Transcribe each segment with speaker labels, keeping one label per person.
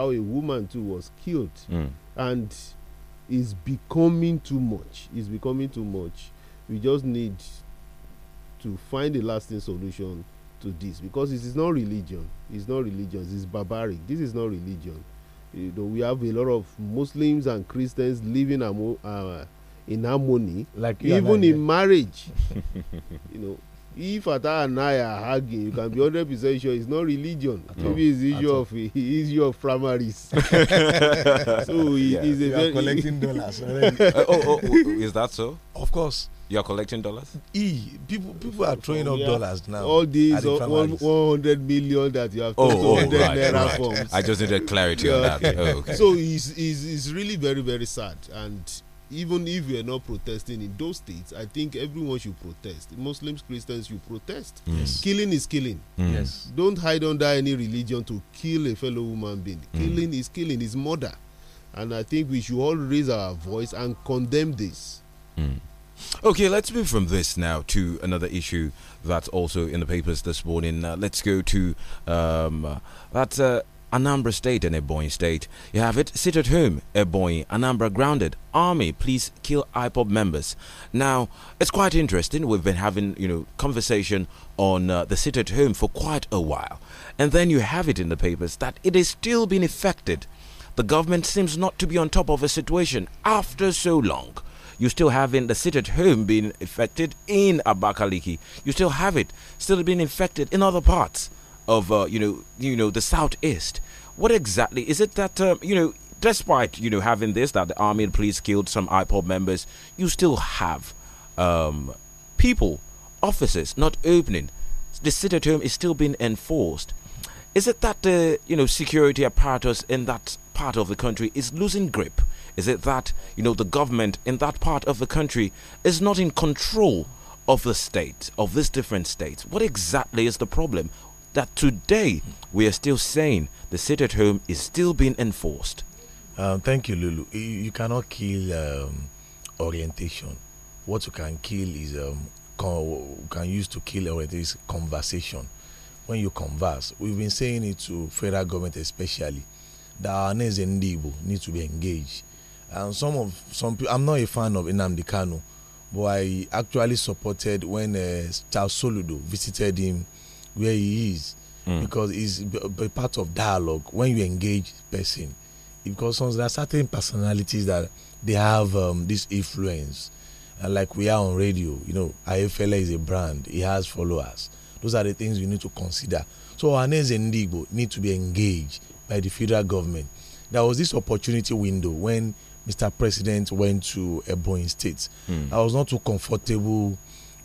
Speaker 1: how a woman too was killed mm. and is becoming too much Is becoming too much we just need to find a lasting solution to this because it is not religion it's not religion it's barbaric this is not religion you know we have a lot of muslims and christians living uh, in harmony like even in marriage you know if Fatah and I are arguing, you can be hundred percent sure it's not religion. At Maybe it's issue of issue of primaries. so it, yeah. it's you are collecting dollars already. Uh, oh oh, oh, oh,
Speaker 2: is that so? Of course. You are collecting dollars.
Speaker 1: E
Speaker 3: people people are throwing oh, up yeah. dollars now. All these uh, one
Speaker 1: hundred million that you have to oh, oh, right, right. Forms. I just
Speaker 2: needed clarity yeah. on that. Oh, okay. So
Speaker 1: it's, it's, it's really very very sad and even if you are not protesting in those states, I think everyone should protest. Muslims, Christians you protest. Yes. Killing is killing. Mm. Yes. Don't hide under any religion to kill a fellow human being. Mm. Killing is killing, is murder. And I think we should all raise our voice and condemn this.
Speaker 2: Mm. Okay, let's move from this now to another issue that's also in the papers this morning. Uh, let's go to um, that. Uh, Anambra State and Ebonyi State. You have it. Sit at home, Ebonyi. Anambra grounded. Army, please kill IPOB members. Now, it's quite interesting. We've been having, you know, conversation on uh, the sit at home for quite a while. And then you have it in the papers that it is still being affected. The government seems not to be on top of the situation after so long you still having the sit at home being affected in Abakaliki. You still have it still being infected in other parts of uh, you know you know the southeast. What exactly is it that um, you know? Despite you know having this, that the army and police killed some IPod members, you still have um, people, officers not opening. The sit term is still being enforced. Is it that the you know security apparatus in that part of the country is losing grip? Is it that you know the government in that part of the country is not in control of the state, of these different states? What exactly is the problem? that today we are still saying the sit at home is still being enforced. Um, thank you, Lulu. You, cannot kill um,
Speaker 3: orientation. What you can kill is um, con- can use to kill orientation is conversation. When you converse, we've been saying it to federal government especially that our next need to be engaged. And some of some people, I'm not a fan of Inamdi Kanu, but I actually supported when uh, Charles Soludo visited him where he is mm. because it's a part of dialogue when you engage person because there are certain personalities that they have um, this influence and like we are on radio you know Ayefele is a brand he has followers those are the things you need to consider so our and Ndigbo need to be engaged by the federal government there was this opportunity window when Mr. President went to Ebonyi State. Mm. I was not too comfortable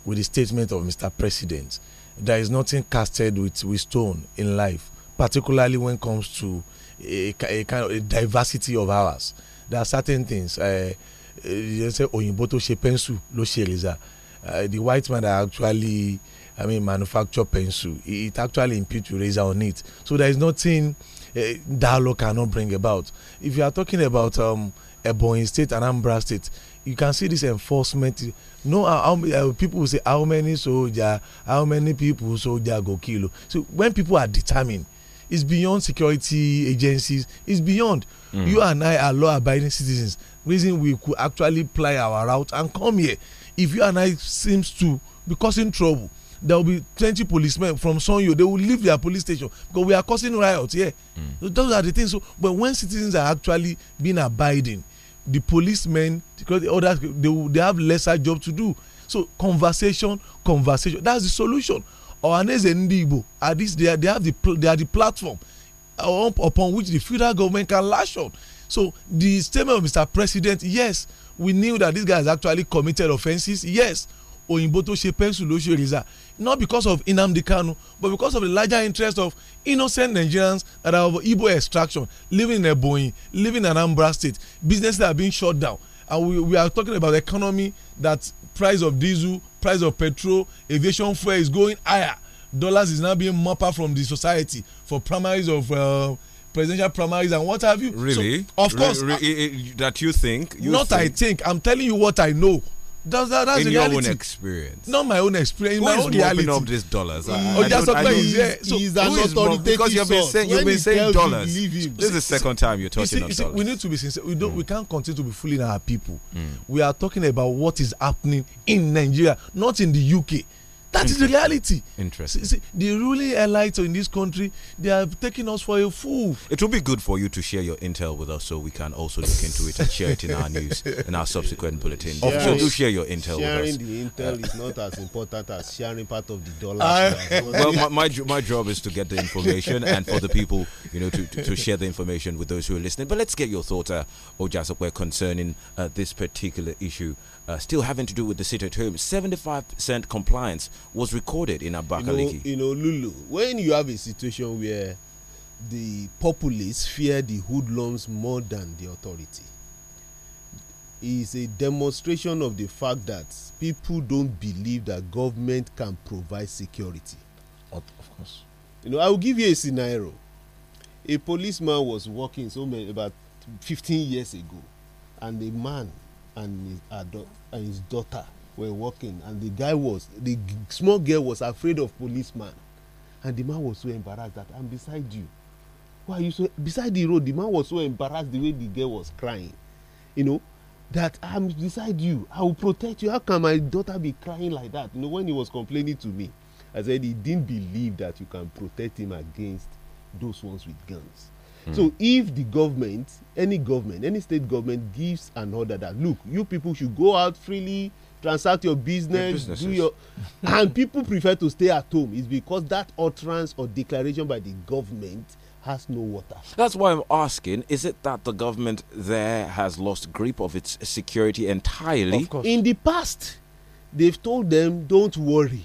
Speaker 3: with the statement of Mr. President there is nothing casted with with stone in life particularly when it comes to a, a kind of a diversity of ours there are certain things uh, eh, they eh, say òyìnbó tó ṣe pencil ló ṣe eraser eh, the white man actually i mean manufacture pencil it, actually impute eraser on it so there is nothing uh, dialogue cannot bring about if you are talking about um, Ebonyi State and Anambra State you can see this enforcement No, how, how uh, people say how many soldier how many people soldier go kill so when people are determined it's beyond security agencies it's beyond mm. you and i are law abiding citizens reason we could actually ply our route and come here if you and i seems to be causing trouble there will be twenty policemen from sanyo they will leave their police station because we are causing riot here mm. so those are the things so but when citizens are actually being abiding the policemen because the others they, they have lesser job to do so conversation conversation that's the solution ohaneze ndị at least they they have the they are the platform upon which the federal government can lash on so the statement of mr president yes we knew that this guy has actually committed offences yes òyìnbó tó ṣe pencil ló ṣe razor not because of Inamdi Kanu, but because of the larger interest of innocent Nigerians that are of Igbo extraction, living in Ebonyi, living in Anambra State, businesses that are being shut down. And we, we are talking about the economy that price of diesel, price of petrol, aviation fare is going higher. Dollars is now being mopped from the society for primaries of. Uh, presidential primaries and what have you. Really? So, of course. re
Speaker 2: I, that you think? You not think. I
Speaker 3: think. I'm telling you what I know. Does that, that's in your own
Speaker 2: experience,
Speaker 3: not my own experience. In my own reality, up
Speaker 2: these dollars. Mm. that's what he's, so
Speaker 3: he's an authoritative because you've been saying you've been saying dollars. This
Speaker 2: is the second time you're talking you see, on dollars. We
Speaker 3: need to be sincere. We don't. Mm. We hmm. can't continue to be fooling our people. Mm. We are talking about what is happening in Nigeria, not in the UK. That is the reality.
Speaker 2: Interesting. See, see, the ruling elites in this country, they are taking us
Speaker 3: for a fool.
Speaker 2: It will be good for you to share your intel with us so we can also look into it and share it in our news and our subsequent bulletins. Of do share your intel sharing with us.
Speaker 1: Sharing the intel is not as important as sharing part of the dollar. well, my,
Speaker 2: my, my, job is to get the information and for the people, you know, to, to, to share the information with those who are listening. But let's get your thoughts, uh, Ojasopwe, concerning uh, this particular issue uh, still having to do with the sit at home, 75% compliance was recorded in Abakaliki. You
Speaker 1: know, you know, Lulu, when you have a situation where the populace fear the hoodlums more than the authority, is a demonstration of the fact that people don't believe that government can provide security. Of course. You know, I will give you a scenario. A policeman was walking so many about 15 years ago, and a man and his, and his daughter were walking and the guy was the small girl was afraid of policeman and the man was so embarrassed that i'm beside you why you so beside the road the man was so embarrassed the way the girl was crying you know that i'm beside you i will protect you how can my daughter be crying like that you know when he was complaining to me i said he didn't believe that you can protect him against those ones with guns So if the government, any government, any state government gives an order that look, you people should go out freely, transact your business, your do your and people prefer to stay at home, it's because that utterance or declaration by the government has no water.
Speaker 2: That's why I'm asking is it that the government there has lost grip of its security entirely? Of course.
Speaker 1: In the past, they've told them, don't worry.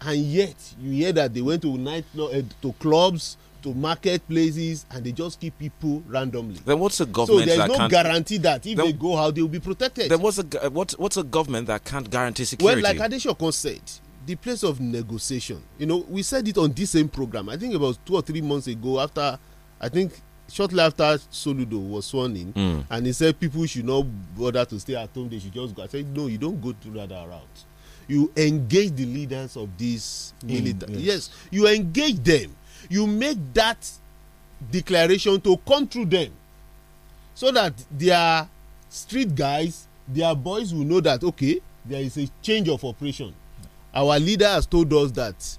Speaker 1: And yet, you hear that they went to night uh, to clubs, to marketplaces and they just keep people randomly.
Speaker 2: Then what's a government? So there's no guarantee
Speaker 1: that if then, they go out, they will be protected. Then what's a what's what's a
Speaker 2: government that can't guarantee security? Well, like
Speaker 1: Adeshokon said, the place of negotiation. You know, we said it on this same program. I think about two or three months ago. After, I think shortly after Soludo was sworn in, mm. and he said people should not bother to stay at home. They should just go. I said no, you don't go through that route. You engage the leaders of these hmm, military. Mm, yes. yes, you engage them you make that declaration to come through them so that their street guys their boys will know that okay there is a change of operation our leader has told us that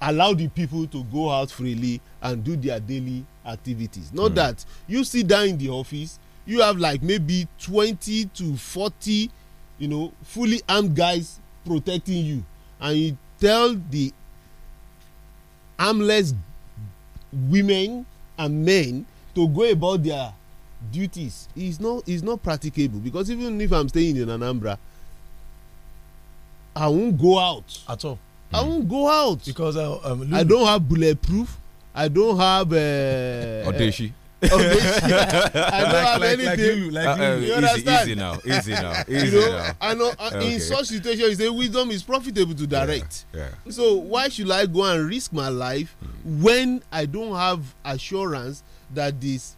Speaker 1: allow the people to go out freely and do their daily activities not mm. that you sit down in the office you have like maybe twenty to forty you know fully armed guys protecting you and you tell the armless women and men to go about their duties is not is not practicable because even if i'm staying in anambra i won't go out at all i won't go out because uh, um, i i don't have bulletproof i don't have uh, odeshi
Speaker 4: I don't
Speaker 2: like,
Speaker 1: have like, anything. Like you, like uh, you. you easy, understand? Easy now, easy now, easy you know, now. I know. okay. In such situation, you say wisdom is profitable to direct. Yeah, yeah. So why should I go and risk my life mm. when I don't have assurance that this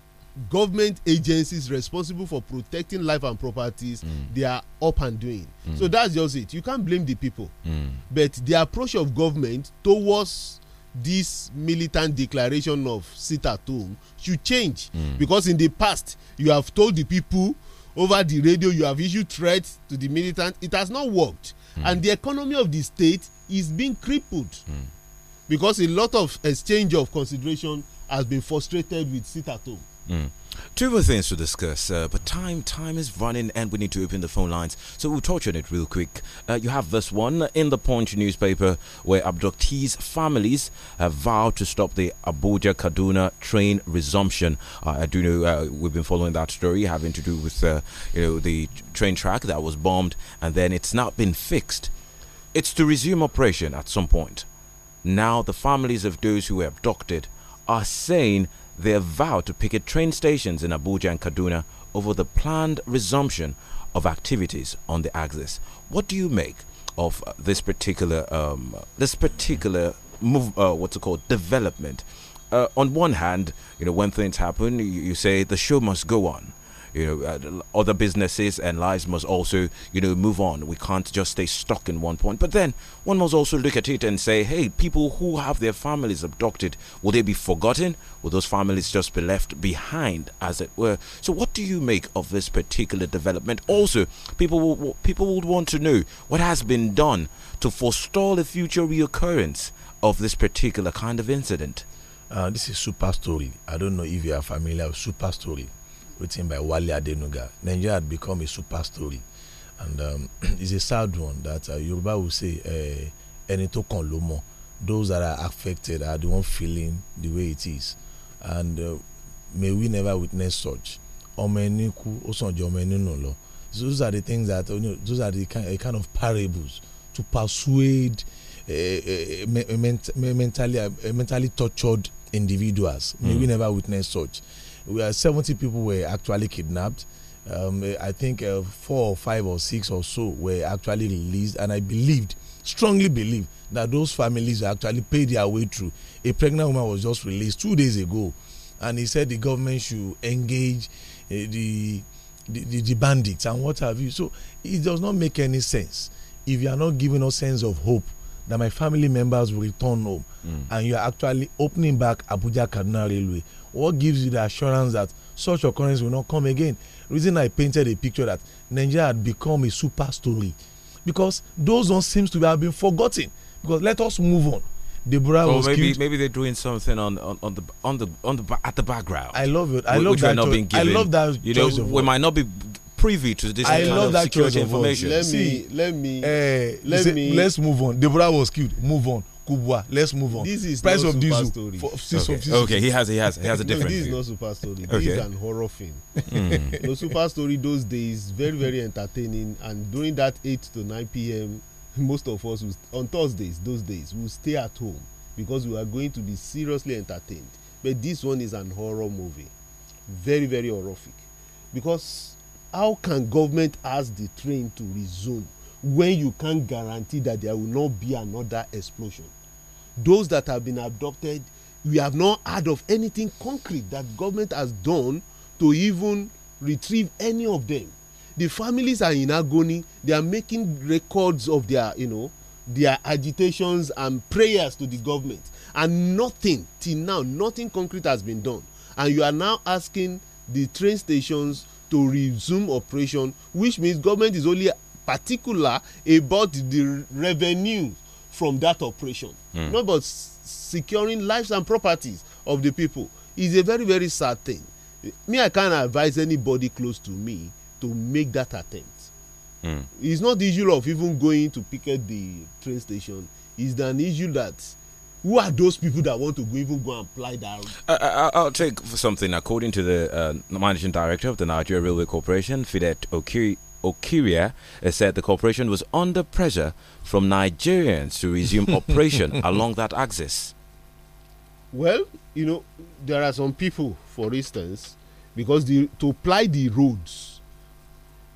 Speaker 1: government agencies responsible for protecting life and properties mm. they are up and doing. Mm. So that's just it. You can't blame the people, hmm. but the approach of government towards this militant declaration of sit at home should change. Mm. Because in the past, you have told the people over the radio, you have issued threats to the militants. It has not worked. Mm. And the economy of the state is being crippled. Mm. Because a lot of exchange of consideration has been frustrated with sit at home.
Speaker 5: Mm.
Speaker 2: Two more things to discuss, uh, but time time is running, and we need to open the phone lines. So we'll touch on it real quick. Uh, you have this one in the Punch newspaper, where abductees' families have vowed to stop the Abuja Kaduna train resumption. Uh, I do know uh, we've been following that story, having to do with uh, you know the train track that was bombed, and then it's not been fixed. It's to resume operation at some point. Now the families of those who were abducted are saying they have vowed to picket train stations in Abuja and Kaduna over the planned resumption of activities on the axis. What do you make of uh, this particular um, this particular move? Uh, what's it called? Development. Uh, on one hand, you know, when things happen, you, you say the show must go on you know uh, other businesses and lives must also you know move on we can't just stay stuck in one point but then one must also look at it and say hey people who have their families abducted will they be forgotten will those families just be left behind as it were so what do you make of this particular development also people will, people would want to know what has been done to forestall a future reoccurrence of this particular kind of incident
Speaker 3: uh, this is super story i don't know if you are familiar
Speaker 2: with super story
Speaker 3: written by Wale Adenuga. Nigeria had become a super story. And um, it's a sad one that uh, Yoruba will say, eh, ẹni tó kàn ló Those that are affected are the one feeling the way it is. And uh, may we never witness such. Ọmọ ẹni kú, ó sàn Those are the things that, you know, those are the kind, uh, eh, kind of parables to persuade uh, uh, me, mentally, uh, mentally tortured individuals. May mm. we never witness such. where 70 people were actually kidnapped. Um, I think uh, four or five or six or so were actually released, and I believed, strongly believed, that those families actually paid their way through. A pregnant woman was just released two days ago, and he said the government should engage uh, the, the, the, the bandits and what have you. So it does not make any sense if you are not giving us sense of hope that my family members will return home, mm. and you are actually opening back Abuja Kaduna Railway What gives you the assurance that such occurrence will not come again? Reason I painted a picture that Nigeria had become a super story because those ones seems to have been forgotten. Because let us move on. Deborah so was maybe, killed.
Speaker 2: maybe they're doing something on, on, on the on the on the at the background. I love it. I love that. Not I love that. You know, we might not be privy to this kind of that security information. Let me
Speaker 3: See,
Speaker 1: let me uh,
Speaker 3: let me. Let's move on. Deborah was killed. Move on. kubwa let's move on this is price of diesel
Speaker 1: story. For, okay. Of diesel. okay he has he has he has a different this is not super story okay. this is an horror film mm. no super story those days very very entertaining and during that 8 to 9 p.m most of us will, on thursdays those days will stay at home because we are going to be seriously entertained but this one is an horror movie very very horrific because how can government ask the train to resume when you can't guarantee that there will not be another explosion those that have been abducted we have not heard of anything concrete that government has done to even retrieve any of them the families are in agony they are making records of their you know their agitations and prayers to the government and nothing till now nothing concrete has been done and you are now asking the train stations to resume operation which means government is only particular about the revenue from that operation. Mm. Not but securing lives and properties of the people is a very, very sad thing. Me, I can't advise anybody close to me to make that attempt. Mm. It's not the issue of even going to picket the train station. It's an issue that who are those people that want to go, even go and apply that?
Speaker 2: I'll take something. According to the uh, managing director of the Nigeria Railway Corporation, Fidet Okiri Okiria uh, said the corporation was under pressure from Nigerians to resume operation along that axis.
Speaker 1: Well, you know, there are some people, for instance, because the, to ply the roads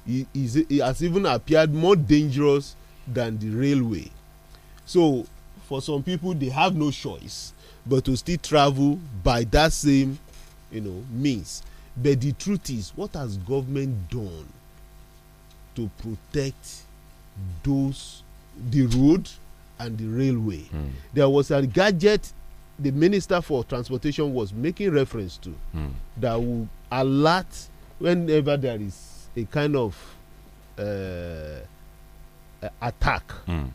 Speaker 1: it, it has even appeared more dangerous than the railway. So, for some people, they have no choice but to still travel by that same, you know, means. But the truth is, what has government done to protect those the road and the railway. Mm. There was a gadget the minister for transportation was making reference to mm. that will alert whenever there is a kind of uh, attack mm.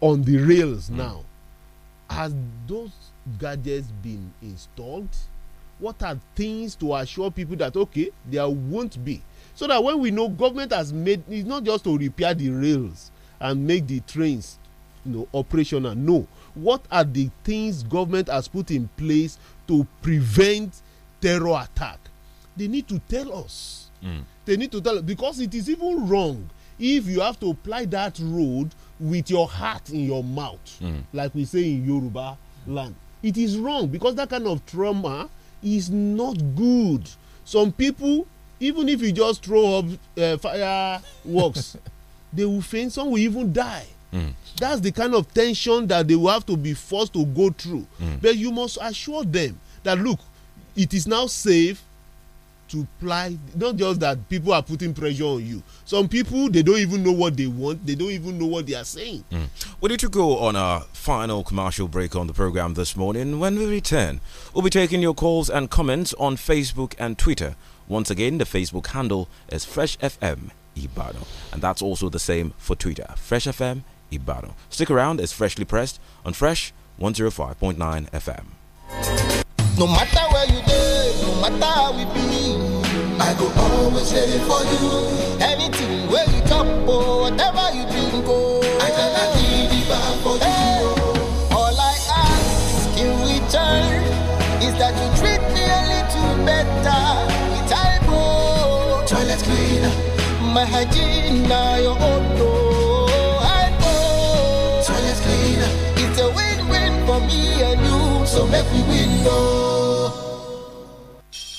Speaker 1: on the rails hmm. now. Has those gadgets been installed? What are things to assure people that okay, there won't be so that when we know government has made it's not just to repair the rails and make the trains you know operational no what are the things government has put in place to prevent terror attack they need to tell us mm. they need to tell us because it is even wrong if you have to apply that road with your heart in your mouth mm. like we say in yoruba land it is wrong because that kind of trauma is not good some people even if you just throw up uh, fireworks they will faint some will even die mm. that's the kind of tension that they will have to be forced to go through mm. but you must assure them that look it is now safe to apply not just that people are putting pressure on you some people they don't even know what they want they don't even know what they are saying
Speaker 2: mm. we need to go on our final commercial break on the program this morning when we return we'll be taking your calls and comments on facebook and twitter once again, the Facebook handle is Fresh FM Ibano, and that's also the same for Twitter, Fresh FM Ibano. Stick around; it's freshly pressed on Fresh 105.9
Speaker 5: FM. No matter where you go, no matter how we be, I go always ready for you. Anything where you jump or oh, whatever you drink, oh. mahajina It's a win-win for me and
Speaker 6: you So make win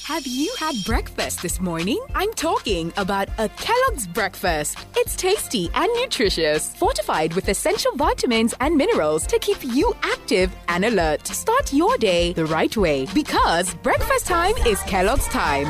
Speaker 6: Have you had breakfast this morning? I'm talking about a Kellogg's breakfast. It's tasty and nutritious, fortified with essential vitamins and minerals to keep you active and alert. Start your day the right way because breakfast time is Kellogg's time.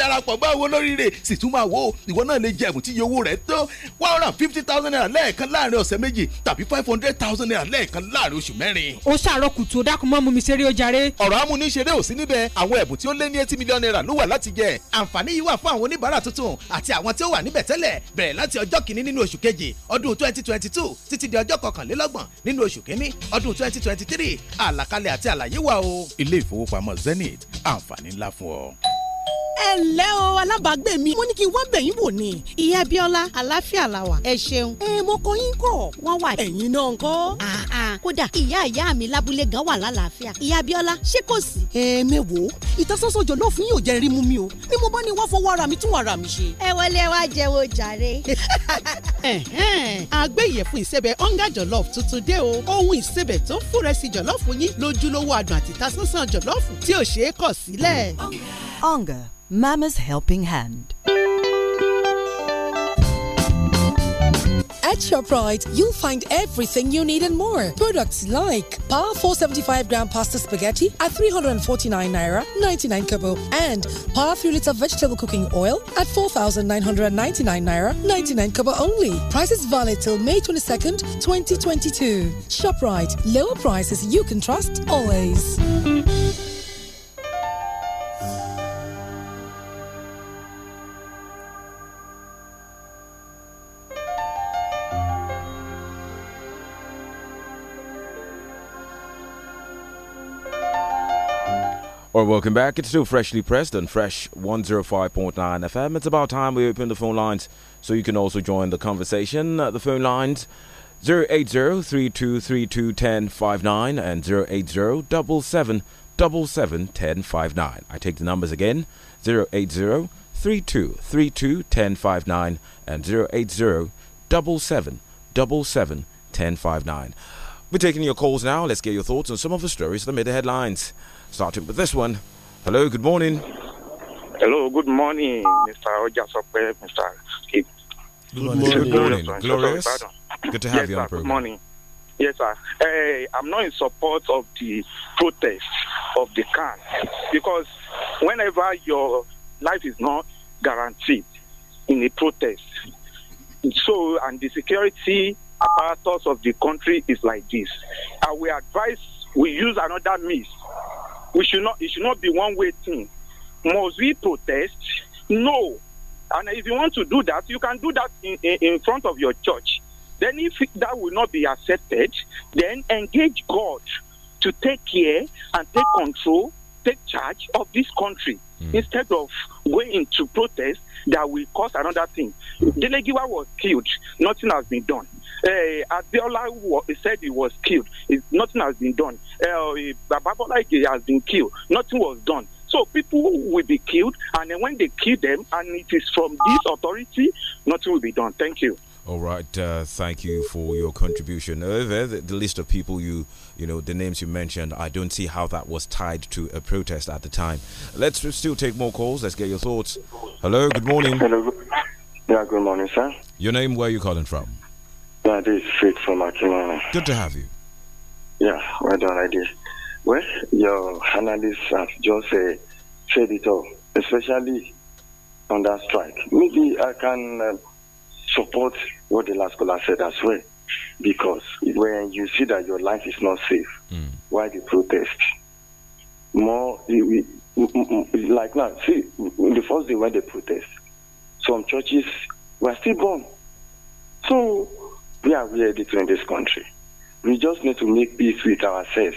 Speaker 1: darapọ̀ bá owó lóríire sì tún máa wò ó ìwọ náà lè jẹ ẹ̀bùn tí iye owó rẹ̀ tó one hundred and fifty thousand naira lẹ́ẹ̀kan láàrin ọ̀sẹ̀ méjì tàbí five hundred thousand naira lẹ́ẹ̀kan láàrin oṣù mẹ́rin.
Speaker 4: ó ṣàárọ̀ kùtù ó dákun mọ́ mú mi ṣeré ó ọ̀rọ̀ amúniṣeré ò sí níbẹ̀ àwọn ẹ̀bùn tí ó lé ní eighty million naira ló wà láti jẹ. àǹfààní yìí wà fún àwọn oníbàárà tuntun àti àwọn tí ó wà níbẹ̀ tẹ́lẹ̀
Speaker 7: bẹ̀rẹ̀ láti ọjọ́ kìíní nínú oṣù kejì ọdún twenty twenty two títí di ọjọ́ kọkànlélọ́gbọ̀n nínú oṣù kìíní ọdún twenty twenty three àlàkalẹ̀ àti àlàyé wà o.
Speaker 1: ilé ìfowópamọ́ Zenith àǹfààní ńlá fún ọ
Speaker 7: ẹ ǹlẹ́ o alábàágbé mi mo ní kí n wá bẹ̀yìn wò ni. ìyá bíọ́lá àlàáfíà la wà ẹ ṣeun. ẹ mo kọ yín kọ wọn wà ẹ̀yin náà ńkọ́. kódà
Speaker 8: ìyá ìyá mi lábúlé gan wà lálàáfíà
Speaker 7: ìyá bíọ́lá ṣé kò sí. ẹ mẹ́wòó ìtasọ́sọ́ náà fún yóò jẹ́ rímú mi o ni mo bá ní wá fọwọ́ ara mi tún ara mi ṣe.
Speaker 8: ẹ wọlé wá jẹ́wọ́ jàre.
Speaker 7: àgbéyẹ̀fun ìsẹ̀bẹ̀ ọ̀ngá jọ̀lọ́f tuntun dé o ohun ìsẹ̀bẹ̀ tó fúnrẹ́sì jọ̀lọ́f yín lójúlówó adùn àti ìtasọ́sọ́ jọ̀lọ́f tí ò ṣeé kọ̀ sílẹ̀.
Speaker 6: ọ̀ngá Mama's Helping Hand. At ShopRite, you'll find everything you need and more. Products like Par 475 gram pasta spaghetti at 349 naira 99 kobo and Par 3 liter vegetable cooking oil at 4,999 naira 99 kobo only. Prices valid till May 22nd, 2022. ShopRite, lower prices you can trust always.
Speaker 2: Or right, welcome back. It's still freshly pressed on Fresh 105.9 FM. It's about time we open the phone lines so you can also join the conversation. Uh, the phone lines 080-3232-1059 and 080-777-1059. I take the numbers again. 080-3232-1059 and 080-777-1059. We're taking your calls now. Let's get your thoughts on some of the stories that made the headlines starting with this one. Hello, good morning.
Speaker 9: Hello, good morning, Mr. Ojasope, Mr. Kip. Good morning. Good morning. Glorious. Good to have yes, you on the Good morning. Yes, sir. Hey, I'm not in support of the protest of the can because whenever your life is not guaranteed in a protest, so and the security apparatus of the country is like this. I will advise we use another means we should not. It should not be one way thing. Must we protest? No. And if you want to do that, you can do that in, in, in front of your church. Then, if that will not be accepted, then engage God to take care and take control, take charge of this country mm. instead of going to protest that will cause another thing. Mm-hmm. Delegiwa was killed. Nothing has been done. Uh, said he was killed. It, nothing has been done. Uh, eh, eh, Bababola has been killed. Nothing was done. So people will be killed, and then when they kill them, and it is from this authority, nothing
Speaker 2: will be done. Thank you. All right, uh, thank you for your contribution. Over uh, the, the, list of people you, you know, the names you mentioned, I don't see how that was tied to a protest at the time. Let's still take more calls. Let's get your thoughts. Hello, good morning. Hello. Yeah, good morning, sir. Your name, where are you calling from?
Speaker 10: Yeah, this is Faith from Akimana. Good to have you. Yeah, well done, I did. Well, your analysts have just uh, said it all, especially on that strike. Maybe I can uh, support what the last caller said as well. Because when you see that your life is not safe, mm. why the protest? More like now, see, the first day when they protest, some churches were still born. So we are ready to in this country. We just need to make peace with ourselves.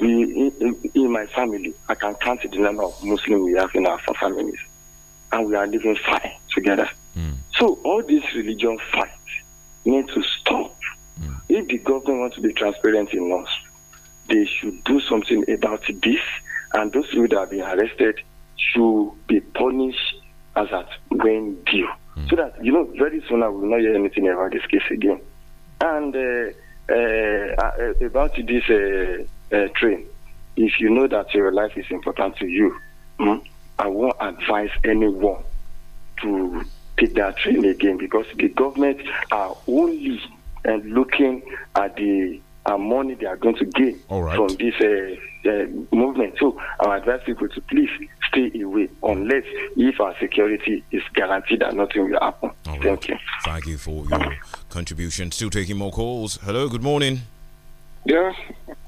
Speaker 10: We, in, in my family, I can count the number of Muslims we have in our families, and we are living fine together. So all these religion fights need to stop. Mm. If the government wants to be transparent enough, they should do something about this, and those people that have been arrested should be punished as at when due. Mm. So that, you know, very soon I will not hear anything about this case again. And uh, uh, uh about this uh, uh, train, if you know that your life is important to you, mm, I won't advise anyone to that train again because the government are only uh, looking at the uh, money they are going to gain from this uh, uh, movement. So I advise people to please stay away unless if our security is guaranteed that nothing will happen. Thank you. Thank you for your
Speaker 2: contribution. Still taking more calls. Hello, good morning.
Speaker 11: Yeah,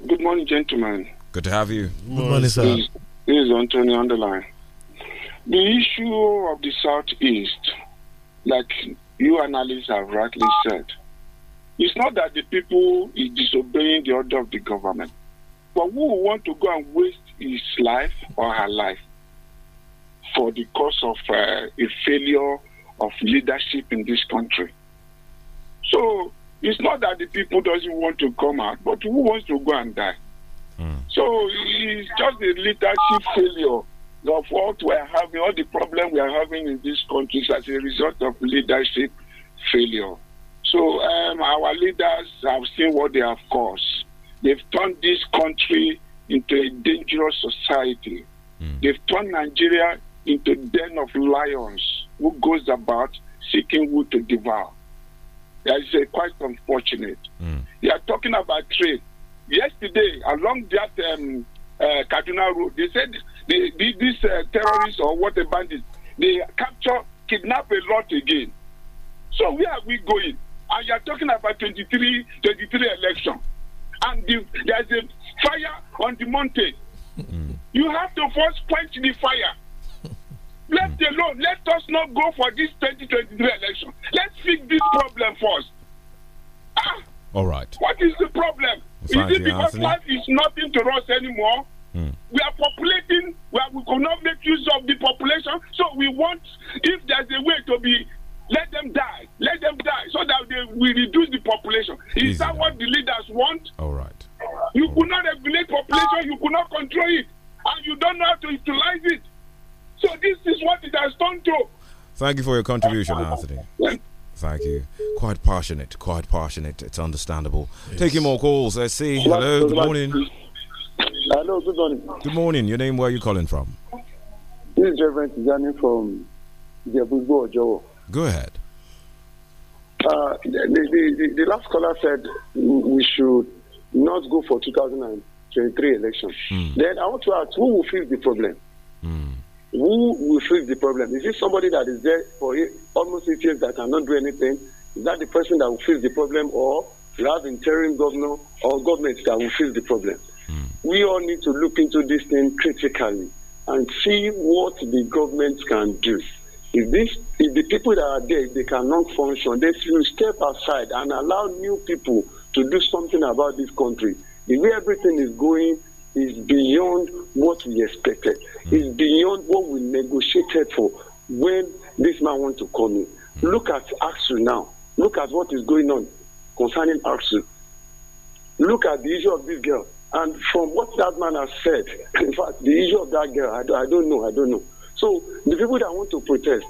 Speaker 11: good morning, gentlemen.
Speaker 2: Good to have you. Good morning, sir. This,
Speaker 11: this is Anthony on the line. The issue of the Southeast like you analysts have rightly said, it's not that the people is disobeying the order of the government, but who want to go and waste his life or her life for the cause of uh, a failure of leadership in this country? So it's not that the people doesn't want to come out, but who wants to go and die? Mm. So it's just a leadership failure of what we are having, all the problem we are having in these countries as a result of leadership failure. So um, our leaders have seen what they have caused. They've turned this country into a dangerous society. Mm. They've turned Nigeria into a den of lions who goes about seeking who to devour. That is uh, quite unfortunate. Mm. They are talking about trade. Yesterday, along that um, uh, Kaduna Road, they said they, they, these uh, terrorists or the bandits, they capture, kidnap a lot again. So where are we going? And you are talking about 23, 23 election. And the, there's a fire on the mountain. You have to first quench the fire. Let alone, let us not go for this 2023 election. Let's fix this problem first. Ah, All right. What is the problem? is it because life is nothing to us anymore? Mm. We are populating, we, are, we cannot make use of the population. So we want, if there's a way to be, let them die, let them die, so that they, we reduce the population. Is Easy that now. what the leaders want? All right. You All could right. not regulate population, you could not control it, and you don't know how to utilize it. So this is what it has turned to.
Speaker 2: Thank you for your contribution, Anthony. Thank you. Quite passionate, quite passionate. It's understandable. Yes. Taking more calls. Let's see. Hello, good morning.
Speaker 12: Hello, good morning.
Speaker 2: Good morning. Your name, where are you calling from?
Speaker 12: This is Reverend Tijani from Jebugo Ojo. Go ahead. Uh, the, the, the, the, last caller said we should not go for 2023 election. Mm. Then I want to ask who will fix the problem? Mm. Who will fix the problem? Is it somebody that is there for almost eight years that cannot do anything? Is that the person that will fix the problem, or you have interim governor or government that will fix the problem? We all need to look into this thing critically and see what the government can do. If this, if the people that are there, they cannot function, they should step aside and allow new people to do something about this country. The way everything is going is beyond what we expected. Mm. It's beyond what we negotiated for when this man wants to come in. Mm. Look at AXU now. Look at what is going on concerning AXU. Look at the issue of this girl. And from what that man has said, in fact, the issue of that girl, I, I don't know, I don't know. So the people that want to protest,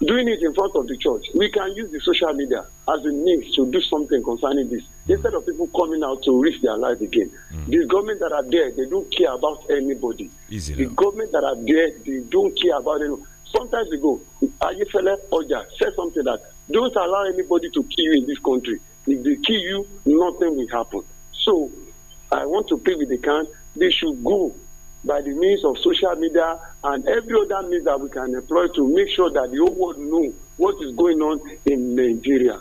Speaker 12: doing it in front of the church, we can use the social media as a means to do something concerning this instead of people coming out to risk their life again. Mm. The government that are there, they don't care about anybody. Easy the government that are there, they don't care about anyone. Sometimes ago, Ayefele Oja said something that don't allow anybody to kill you in this country. If they kill you, nothing will happen. So I want to plead with the can. they should go by the means of social media and every other means that we can employ to make sure that the whole world know what is going on in Nigeria.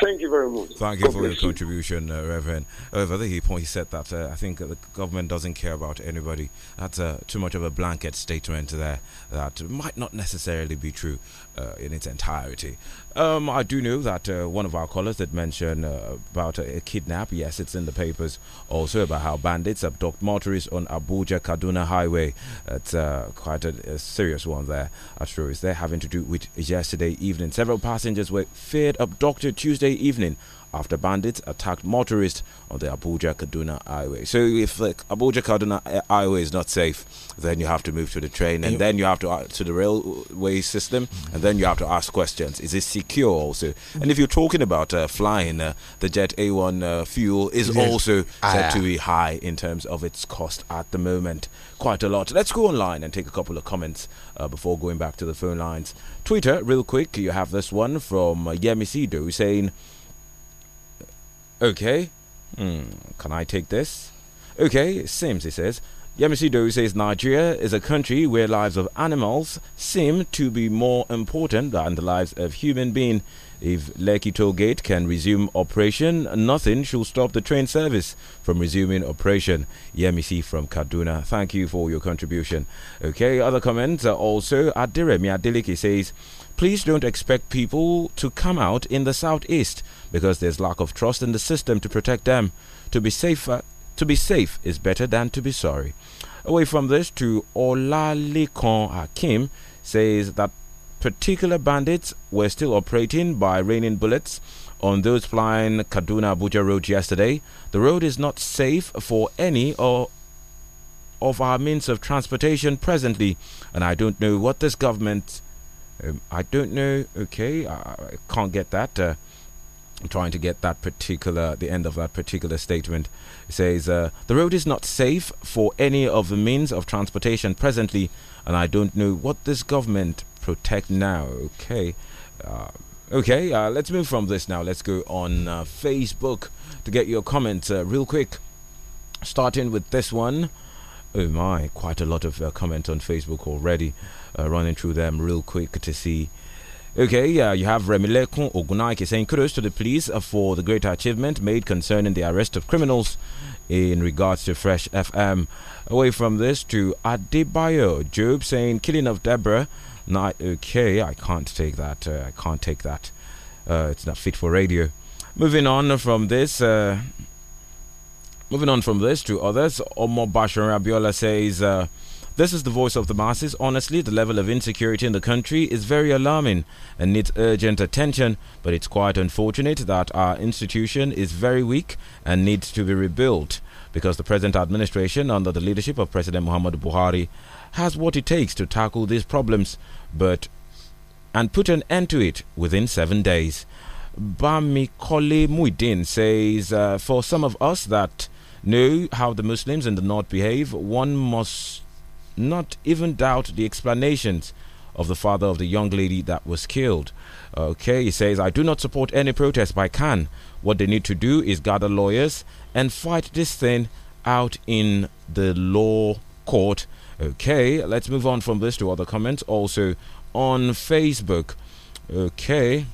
Speaker 12: Thank you very much. Thank you God for your
Speaker 2: contribution, uh, Reverend. However, uh, he he said that uh, I think the government doesn't care about anybody. That's uh, too much of a blanket statement there that might not necessarily be true uh, in its entirety. Um, I do know that uh, one of our callers did mention uh, about a, a, kidnap. Yes, it's in the papers also about how bandits abduct motorists on Abuja Kaduna Highway. It's uh, quite a, a, serious one there. I'm sure is there having to do with yesterday evening. Several passengers were feared abducted Tuesday evening after bandits attacked motorists on the Abuja Kaduna highway. So if like, Abuja Kaduna uh, highway is not safe, then you have to move to the train, and then you have to uh, to the railway system, and then you have to ask questions: Is it secure also? Mm-hmm. And if you're talking about uh, flying, uh, the Jet A1 uh, fuel is yes. also said to ah. be high in terms of its cost at the moment. Quite a lot. Let's go online and take a couple of comments uh, before going back to the phone lines. Twitter, real quick, you have this one from uh, Yemisido saying. Okay. Hmm, can I take this? Okay, Sims, he says. Yamashiro says Nigeria is a country where lives of animals seem to be more important than the lives of human beings. If Lekki Toll Gate can resume operation, nothing should stop the train service from resuming operation. Yemisi from Kaduna, thank you for your contribution. Okay, other comments are also Adiremi Adeliki says, Please don't expect people to come out in the southeast because there's lack of trust in the system to protect them. To be safer, uh, to be safe is better than to be sorry. Away from this, to Olalekan Hakim says that particular bandits were still operating by raining bullets on those flying Kaduna Abuja road yesterday. The road is not safe for any or of our means of transportation presently, and I don't know what this government. Um, I don't know. Okay, I, I can't get that. Uh, trying to get that particular the end of that particular statement it says uh, the road is not safe for any of the means of transportation presently and i don't know what this government protect now okay uh, okay uh, let's move from this now let's go on uh, facebook to get your comments uh, real quick starting with this one Oh my, quite a lot of uh, comments on Facebook already. running through them real quick to see Okay, uh, you have Remilekun Ogunaike saying kudos to the police for the great achievement made concerning the arrest of criminals in regards to Fresh FM. Away from this to Adebayo Job saying killing of Deborah. Not okay, I can't take that. Uh, I can't take that. Uh, it's not fit for radio. Moving on from this. Uh, moving on from this to others. Omar Bashir Abiola says. Uh, this is the voice of the masses. Honestly, the level of insecurity in the country is very alarming and needs urgent attention, but it's quite unfortunate that our institution is very weak and needs to be rebuilt because the present administration, under the leadership of President Muhammad Buhari, has what it takes to tackle these problems, but and put an end to it within seven days. Bamikole Muidin says, uh, for some of us that know how the Muslims in the north behave, one must not even doubt the explanations of the father of the young lady that was killed. Okay, he says, I do not support any protest by Khan. What they need to do is gather lawyers and fight this thing out in the law court. Okay, let's move on from this to other comments also on Facebook. Okay,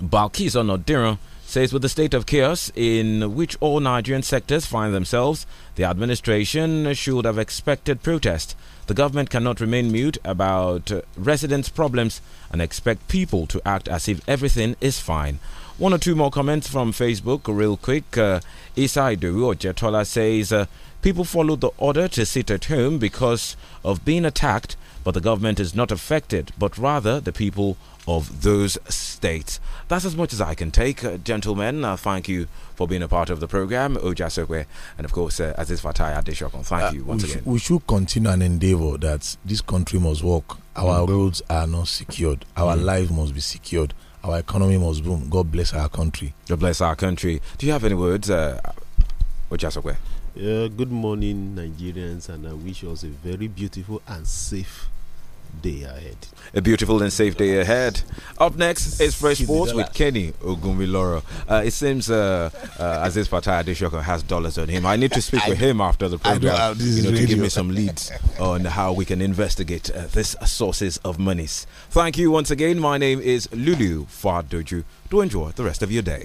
Speaker 2: Balkis Onodiran says with the state of chaos in which all Nigerian sectors find themselves, the administration should have expected protest. The government cannot remain mute about residents' problems and expect people to act as if everything is fine. One or two more comments from Facebook, real quick. Uh, Isaidu Jetola says uh, people followed the order to sit at home because of being attacked, but the government is not affected, but rather the people of those states. That's as much as I can take, uh, gentlemen. Uh, thank you for being a part of the program, Oja Sokwe, and of course, uh, Aziz Fatai Adeshokon. Thank uh, you once we again.
Speaker 3: we should continue an endeavor that this country must work. Our mm. roads are not secured, our mm. lives must be secured, our economy
Speaker 2: must boom. God bless our country. God bless our country. Do you have any words, uh, Oja
Speaker 1: Sokwe? Uh, good morning, Nigerians, and I wish us a very beautiful and safe day ahead.
Speaker 2: A beautiful and safe day ahead. Up next is Fresh Sports with Kenny Ogumiloro. Uh, it seems uh, uh, Aziz Fatah Adeshoko has dollars on him. I need to speak with him after the program uh, you know, to give me some leads on how we can investigate uh, these sources of monies. Thank you once again. My name is Lulu Fadoju. Do enjoy the rest of your day.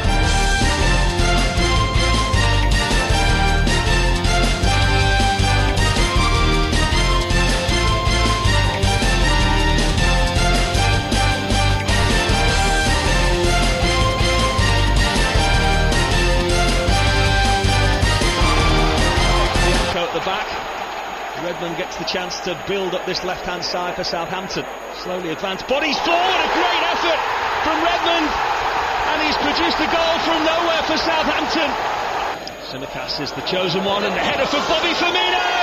Speaker 13: back. Redmond gets the chance to build up this left-hand side for Southampton. Slowly advanced, bodies forward, a great effort from Redmond. And he's produced a goal from nowhere for
Speaker 8: Southampton.
Speaker 13: Simikas is the chosen one and the header for Bobby Firmino!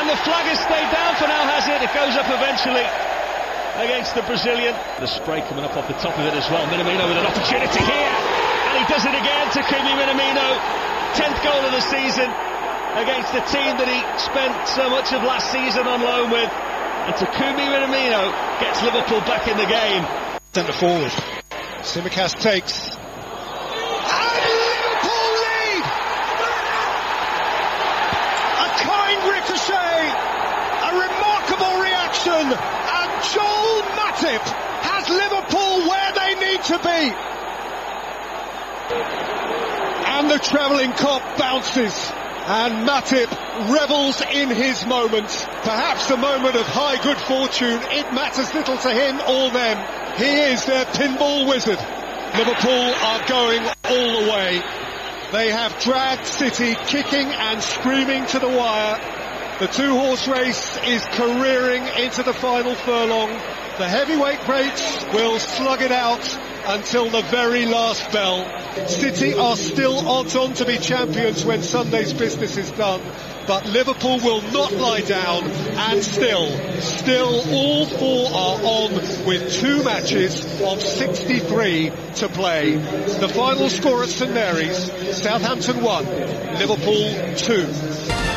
Speaker 1: And
Speaker 12: the flag has stayed down for now, has it? It goes up eventually against the Brazilian. The spray coming up off the top of it as well. Minamino with an opportunity here. And he does it again to Kimi Minamino. 10th goal of the season against the team that he spent so much of last season on loan with. And Takumi Minamino gets Liverpool back in the game. Centre forward. Simicast takes. And Liverpool lead! A kind ricochet! A remarkable reaction! And Joel Matip has Liverpool where they need to be! And the travelling cop bounces. And Matip revels in his moment. Perhaps a moment of high good fortune. It matters little to him or them. He is their pinball wizard. Liverpool are going all the way. They have dragged City kicking and screaming to the wire. The two-horse race is careering into the final furlong. The heavyweight greats will slug it out until the very last bell. City are still odds on to be champions when Sunday's business is done, but Liverpool will not lie down, and still, still all four are on with two matches of 63 to play. The final score at St Mary's, Southampton 1, Liverpool 2.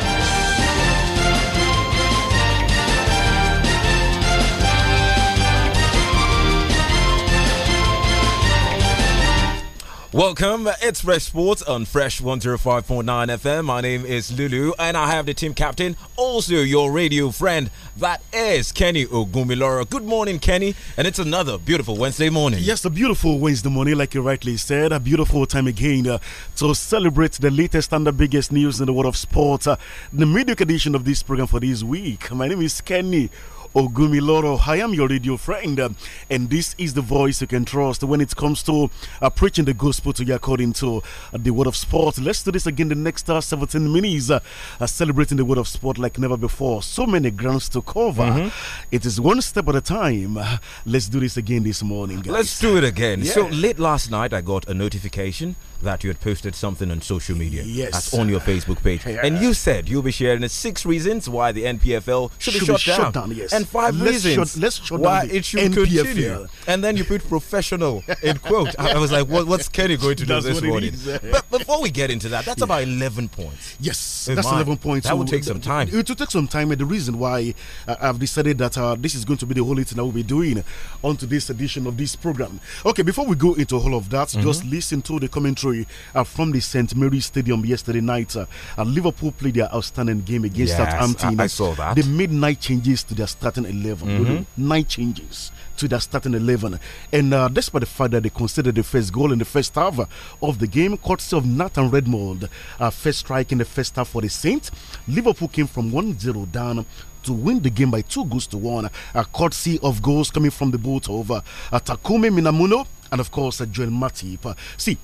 Speaker 2: Welcome. It's Fresh Sports on Fresh 105.9 FM. My name is Lulu and I have the team captain, also your radio friend, that is Kenny Ogumiloro. Good morning, Kenny. And it's another beautiful Wednesday morning.
Speaker 1: Yes, a beautiful Wednesday morning, like you rightly said. A beautiful time again uh, to celebrate the latest and the biggest news in the world of sports. Uh, the midweek edition of this program for this week. My name is Kenny Ogumiloro. I am your radio friend, um, and this is the voice you can trust when it comes to uh, preaching the gospel to you according to uh, the word of sport. Let's do this again the next uh, 17 minutes, uh, uh celebrating the word of sport like never before. So many grounds to cover. Mm -hmm. It is one step at a time. Let's do this again this morning, guys.
Speaker 2: Let's do it again. Yeah. So, late last night, I got a notification that you had posted something on social media. Yes. That's on your Facebook page. Yeah. And you said you'll be sharing six reasons why the NPFL should, should be, shut, be down. shut down. Yes. And and 5 let's reasons
Speaker 1: shut, let's shut why it should NPFL.
Speaker 2: continue. And then you put professional in quote. I, was like, what, what's Kenny going to do this morning? Eh? but before we get into that, that's yeah. about
Speaker 1: 11 points. Yes, oh that's 11 points. That will would take some time. It will take some time. And the reason why uh, I've decided that uh, this is going to be the whole thing I will be doing on today's edition of this program. Okay, before we go into all of that, mm -hmm. just mm-hmm. listen to the commentary uh, from the St. Mary's Stadium yesterday night. Uh, uh, Liverpool played their outstanding game against yes, Southampton. I, I saw that. They made changes to their start starting 11. Mm -hmm. Nine changes to that starting 11. And uh, despite the fact that they considered the first goal in the first half of the game, courtesy of Nathan Redmond, uh, first strike in the first half for the Saints, Liverpool came from 1 0 down to win the game by two goals to one, a courtesy of goals coming from the boat of uh, Takumi Minamuno and, of course, uh, Joel Matip. Uh, see,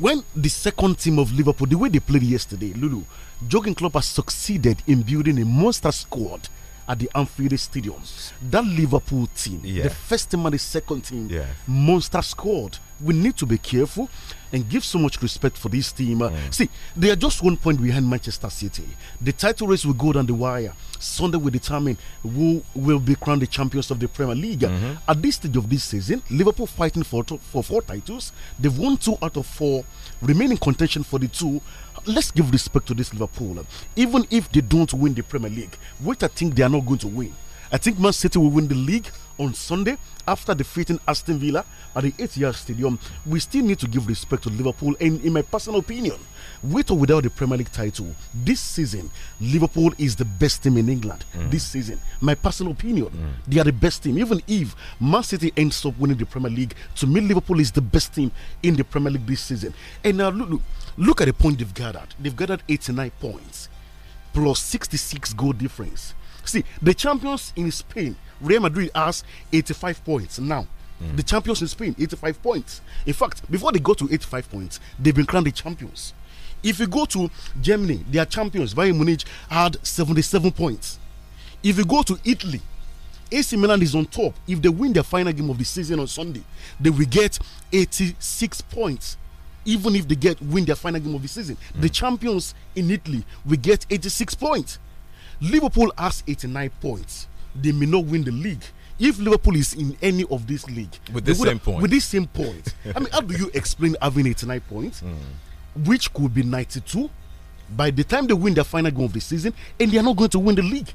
Speaker 1: when the second team of Liverpool, the way they played yesterday, Lulu, Jurgen Klopp has succeeded in building a monster squad at the Anfield Stadium. That Liverpool team, yeah. the first team and the second team, yeah. monster scored. We need to be careful and give so much respect for this team. Uh, mm. See, they are just one point behind Manchester City. The title race will go down the wire. Sunday will determine who will be crowned the champions of the Premier League. Mm -hmm. At this stage of this season, Liverpool fighting for, for four titles. They've won two out of four, remaining contention for the two let's give respect to this Liverpool. Even if they don't win the Premier League, which I think they are not going to win. I think Man City will win the league on Sunday after defeating Aston Villa at the 8 year stadium. We still need to give respect to Liverpool, and in my personal opinion, with or without the Premier League title, this season, Liverpool is the best team in England. Mm. This season, my personal opinion, mm. they are the best team. Even if Man City ends up winning the Premier League, to me, Liverpool is the best team in the Premier League this season. And now, look, look, look at the point they've gathered. They've gathered 89 points plus 66 goal difference. See, the champions in Spain, Real Madrid, has 85 points now. Mm. The champions in Spain, 85 points. In fact, before they got to 85 points, they've been crowned the champions. If you go to Germany, their champions, Bayern Munich, had 77 points. If you go to Italy, AC Milan is on top. If they win their final game of the season on Sunday, they will get 86 points. Even if they get win their final game of the season, mm. the hmm. champions in Italy will get 86 points. Liverpool has 89 points. They may not win the league. If Liverpool is in any of this league with the same have, point, with this same point, I mean, how do you explain having 89 points? Mm which could be 92 by the time they win their final game of the season, and they are not going to win the league.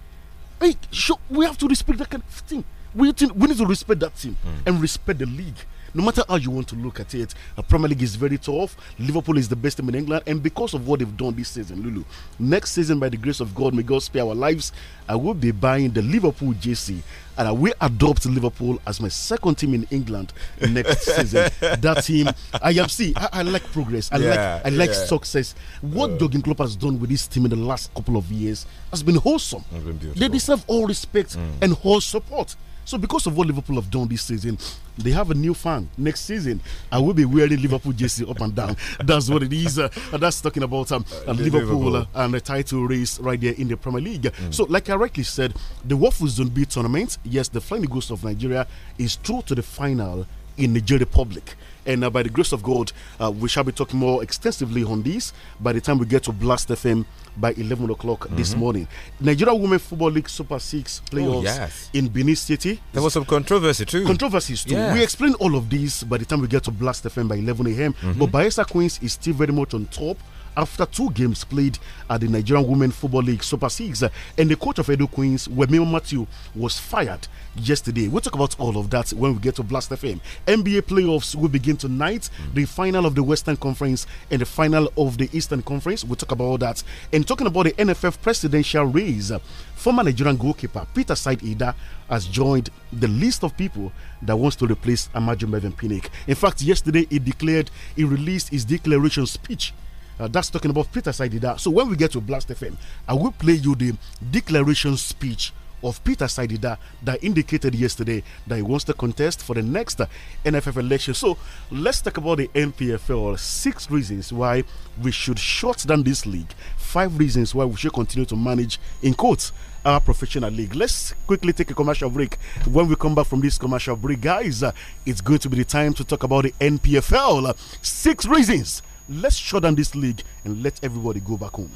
Speaker 1: Hey, sure, we have to respect that kind of thing. We, we need to respect that team mm. and respect the league no matter how you want to look at it, the Premier League is very tough. Liverpool is the best team in England, and because of what they've done this season, Lulu, next season, by the grace of God, may God spare our lives. I will be buying the Liverpool JC and I will adopt Liverpool as my second team in England next season. That team, I am see. I, I like progress. I yeah, like I like yeah. success. What uh, Jurgen Klopp has done with this team in the last couple of years has been wholesome. Been they deserve all respect mm. and all support. So because of what Liverpool have done this season, they have a new fan next season. I will be wearing Liverpool jersey up and down. That's what it is. Uh, that's talking about um, uh, Liverpool, Liverpool. Uh, and the title race right there in the Premier League. Mm. So, like I rightly said, the Waffles Zone B tournament, yes, the Flying Ghost of Nigeria is through to the final in Nigeria Republic. And uh, by the grace of God, uh, we shall be talking more extensively on this by the time we get to Blast FM by 11 o'clock mm -hmm. this mm-hmm. morning. Nigeria Women Football League Super Six playoffs oh, yes. in Benin City. There was some controversy too. Controversies too. We explain all of this by the time we get to Blast FM by 11 a.m. Mm -hmm. But mm-hmm. Baeza Queens is still very much on top after two games played at the Nigerian Women Football League Super 6. Uh, and the coach of Edo Queens, Wemio Matthew, was fired yesterday. We'll talk about all of that when we get to Blast FM. NBA playoffs will begin tonight, mm. the final of the Western Conference and the final of the Eastern Conference. We'll talk about that. And talking about the NFF presidential race, uh, former Nigerian goalkeeper Peter Said Ida has joined the list of people that wants to replace Amaju Mervin Pinnick. In fact, yesterday he declared, he released his declaration speech uh, that's talking about Peter Saidida. So when we get to Blast FM, I will play you the declaration speech of Peter Saidida that indicated yesterday that he wants to contest for the next uh, NFF election. So let's talk about the NPFL. Six reasons why we should shut down this league. Five reasons why we should continue to manage in quotes our professional league. Let's quickly take a commercial break. When we come back from this commercial break, guys, uh, it's going to be the time to talk about the NPFL. Uh, six reasons Let's shut down this league and let everybody go back home.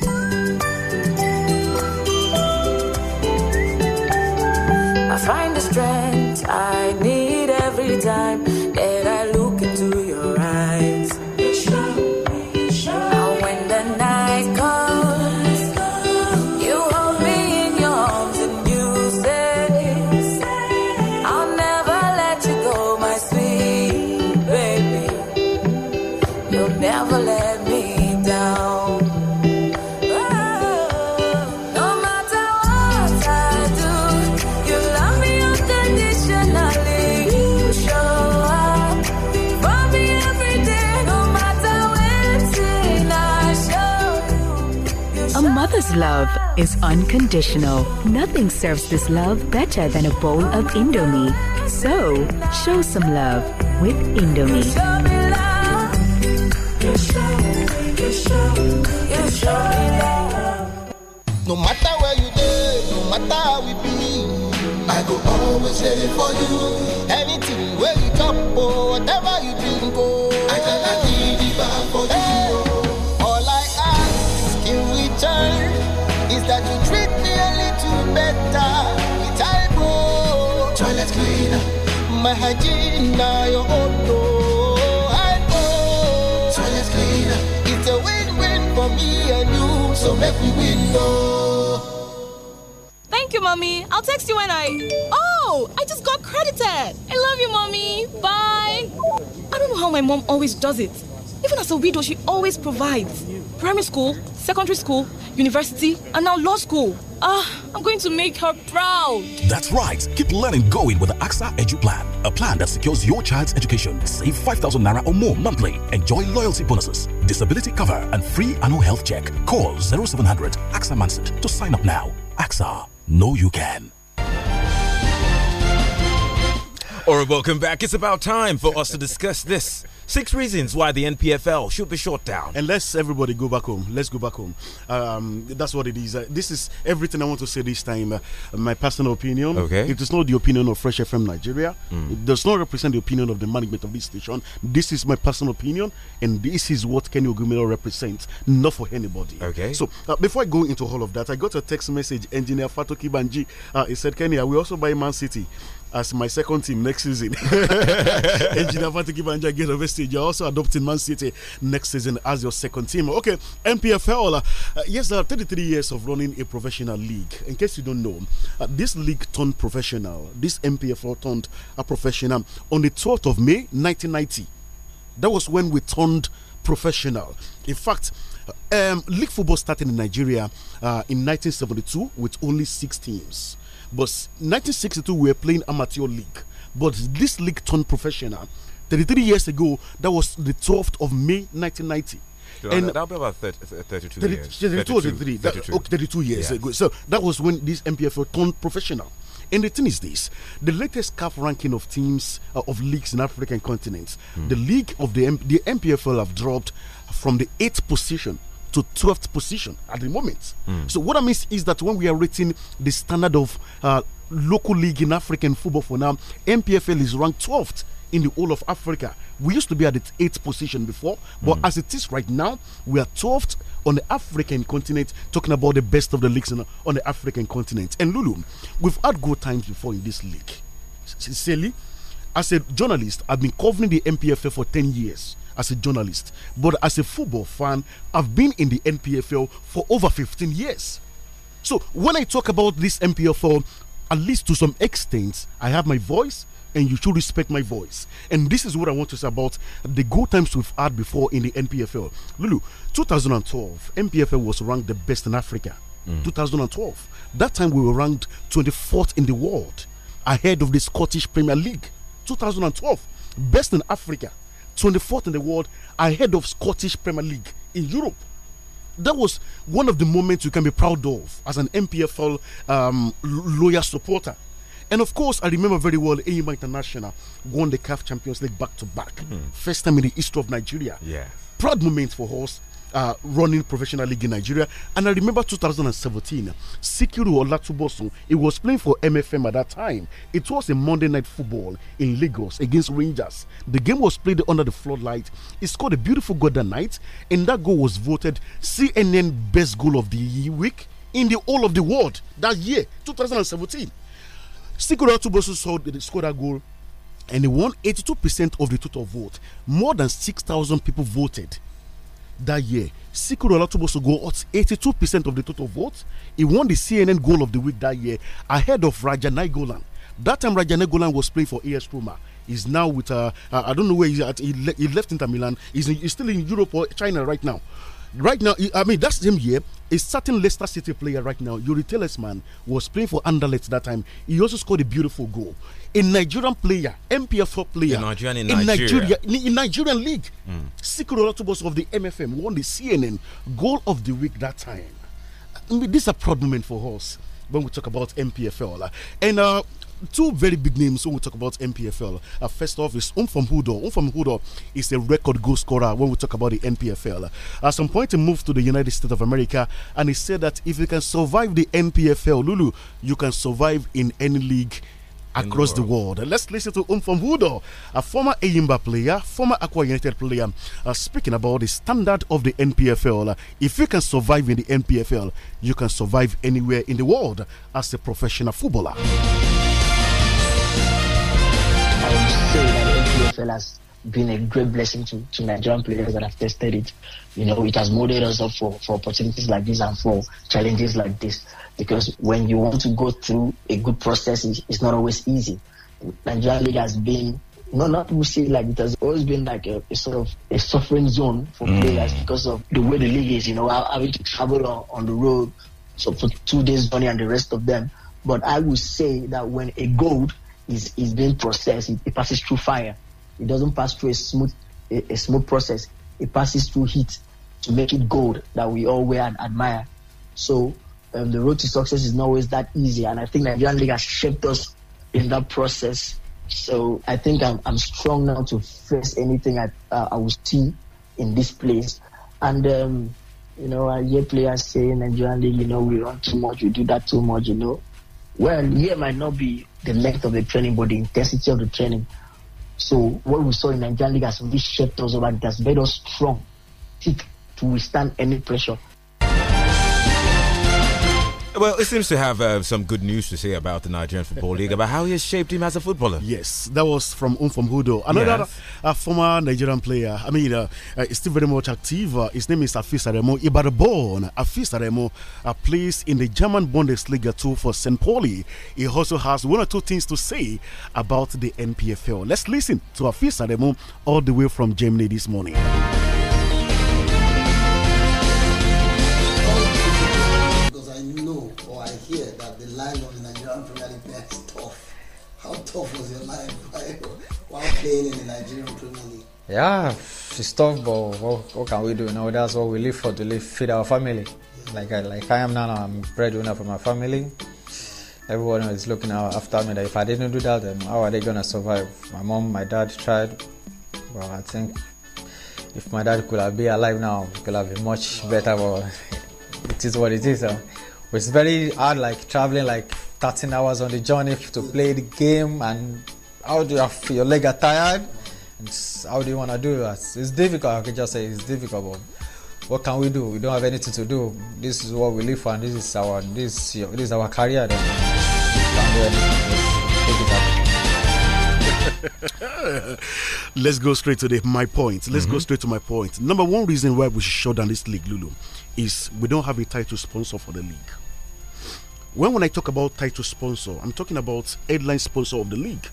Speaker 13: I
Speaker 6: find the strength I need every time.
Speaker 8: is unconditional. Nothing serves this love better than a bowl of Indomie. So, show some love with Indomie.
Speaker 5: No matter where you go, no matter how we be, I go always ready for you. Thank you,
Speaker 6: mommy. I'll text you when I. Oh, I just got credited. I love you, mommy. Bye. I don't know how my mom always does it. Even as a widow, she always provides. Primary school, secondary school, university, and now law school. Ah, I'm going to make her proud.
Speaker 2: That's right. Keep learning going with the AXA Edu Plan, a plan that secures your child's education. Save 5,000 naira or more monthly. Enjoy loyalty bonuses, disability cover, and free annual health check. Call 0700 AXA Manset to sign up now. AXA, know you can. All right, welcome back. It's about time for us to discuss this. Six
Speaker 1: reasons why the NPFL should be shut down. And let's everybody go back home. Let's go back home. Um, that's what it is. Uh, this is everything I want to say this time. Uh, my personal opinion. Okay. It is not the opinion of Fresh FM Nigeria. Mm. It does not represent the opinion of the management of this station. This is my personal opinion, and this is what Kenny Ogumiloro represents, not for anybody. Okay. So uh, before I go into all of that, I got a text message. Engineer Fatoki Banji. Uh, he said, Kenny, I will also buy Man City as my second team next season. Engineer Fatiki Banja Gate of Stage. You're also adopting Man City next season as your second team. Okay, MPFL. Uh, yes, there are 33 years of running a professional league. In case you don't know, uh, this league turned professional. This MPFL turned a professional on the 12th of May 1990. That was when we turned professional. In fact, um, league football started in Nigeria uh, in 1972 with only six teams. But 1962, we were playing amateur league, but this league turned professional. 33 years ago, that was the 12th of May 1990. So and that'll
Speaker 2: be about 30, 32 30, years. 32, 32 32, that, okay,
Speaker 1: 32 years ago. So that was when this MPFL turned professional. And the thing is this the latest calf ranking of teams uh, of leagues in African continents, mm. the league of the, M the MPFL have dropped from the eighth position to 12th position at the moment. Mm. So what I mean is that when we are rating the standard of uh, local league in African football for now, MPFL is ranked 12th in the whole of Africa. We used to be at the eighth position before, but mm. as it is right now, we are 12th on the African continent, talking about the best of the leagues on, on the African continent. And Lulu, we've had good times before in this league. Sincerely, as a journalist, I've been covering the MPFL for 10 years as a journalist, but as a football fan, I've been in the NPFL for over 15 years. So when I talk about this NPFL, at least to some extent, I have my voice and you should respect my voice. And this is what I want to say about the good times we've had before in the NPFL. Lulu, 2012, NPFL was ranked the best in Africa. Mm. 2012. That time we were ranked 24th in the world, ahead of the Scottish Premier League. 2012, best in Africa. 24th in the world, ahead of Scottish Premier League in Europe. That was one of the moments you can be proud of as an MPFL um, lawyer supporter. And of course, I remember very well Ama International won the CAF Champions League back to back. Mm. First time in the history of Nigeria. Yeah. Proud moment for us uh, running professional league in Nigeria. And I remember 2017, Sikiru Olatubosun, he was playing for MFM at that time. It was a Monday night football in Lagos against Rangers. The game was played under the floodlight. He scored a beautiful goal that night, and that goal was voted CNN best goal of the week in the whole of the world that year, 2017. Sikiru Olatubosun scored that goal and he won 82% of the total vote. More than 6,000 people voted that year. Sikuru Olatuboso got 82% of the total votes. He won the CNN Goal of the Week that year ahead of Raja Golan. That time, Raja Golan was playing for AS Roma. He's now with, uh, uh, I don't know where he's at. He, le he left Inter Milan. He's, in, he's still in Europe or China right now right now, I mean, that's him year, A certain Leicester City player right now, Yuri Talisman, was playing for Anderlecht that time. He also scored a beautiful goal. A Nigerian player, MPF4 player, Nigerian in, in Nigeria. Nigeria, in Nigerian league, mm. Sikuro of the MFM won the CNN goal of the week that time. I mean, this is a problem for us when we talk about MPFL. And uh, two very big names when we talk about MPFL. Uh, first off is Umfam Hudo. Umfam Hudo is a record goal scorer when we talk about the MPFL. Uh, at some point, he moved to the United States of America and he said that if you can survive the MPFL, Lulu, you can survive in any league across the world. the world. Let's listen to Umfom Hudo, a former Eyimba player, former Aqua United player, uh, speaking about the standard of the NPFL. Uh, if you can survive in the NPFL, you can survive anywhere in the world as a professional footballer. I would say
Speaker 13: that NPFL has been a great blessing to, to Nigerian players that have tested it. You know, it has molded us up for, for opportunities like this and for challenges like this. Because when you want to go through a good process, it's not always easy. Nigerian League has been no, not we say like it has always been like a, a sort of a suffering zone for mm. players because of the way the league is. You know, having to travel on, on the road so for two days journey and the rest of them. But I would say that when a gold is is being processed, it, it passes through fire. It doesn't pass through a smooth a, a smooth process. It passes through heat to make it gold that we all wear and admire. So um, the road to success is not always that easy, and I think Nigerian league has shaped us in that process. So I think I'm, I'm strong now to face anything I uh, I will see in this place. And um, you know, I hear players saying Nigerian league, you know, we run too much, we do that too much, you know. Well, here might not be the length of the training, but the intensity of the training. So what we saw in Nigerian League has really shaped us shelters over it has made us strong, thick to withstand any pressure.
Speaker 2: Well, it seems to have uh, some good news to say about the Nigerian Football League, about how he has shaped
Speaker 1: him as a footballer. Yes, that was from Umfam Hudo, another yes. uh, former Nigerian player. I mean, uh, uh, still very much active. Uh, his name is Afis Aremo Ibarabon. Afis Aremo uh, plays in the German Bundesliga 2 for St. Pauli. He also has one or two things to say about the NPFL. Let's listen to Afis Aremo all the way from Germany this
Speaker 5: morning. hear that the life of the Nigerian Premier League player is tough. How tough was your life while playing in the Nigerian Premier League?
Speaker 10: Yeah, it's
Speaker 4: tough, but what, what can we do? You now that's what we live for to live, feed our family. Like I, like I am now, I'm breadwinner for my family. Everyone is looking after me. That if I didn't do that, then how are they gonna survive? My mom, my dad tried, Well, I think if my dad could have been alive now, it could have been much better. But it is what it is. Huh? It's very hard, like traveling like 13 hours on the journey to play the game, and how do you have, your leg are tired? And how do you want to do that? It's difficult. I can just say it's difficult. But what can we do? We don't have anything to do. This is what we live for, and this is our this this is our career. Then
Speaker 1: Let's go straight to the my point. Let's mm-hmm. go straight to my point. Number one reason why we should shut down this league, Lulu, is we don't have a title sponsor for the league. When when I talk about title sponsor, I'm talking about headline sponsor of the league.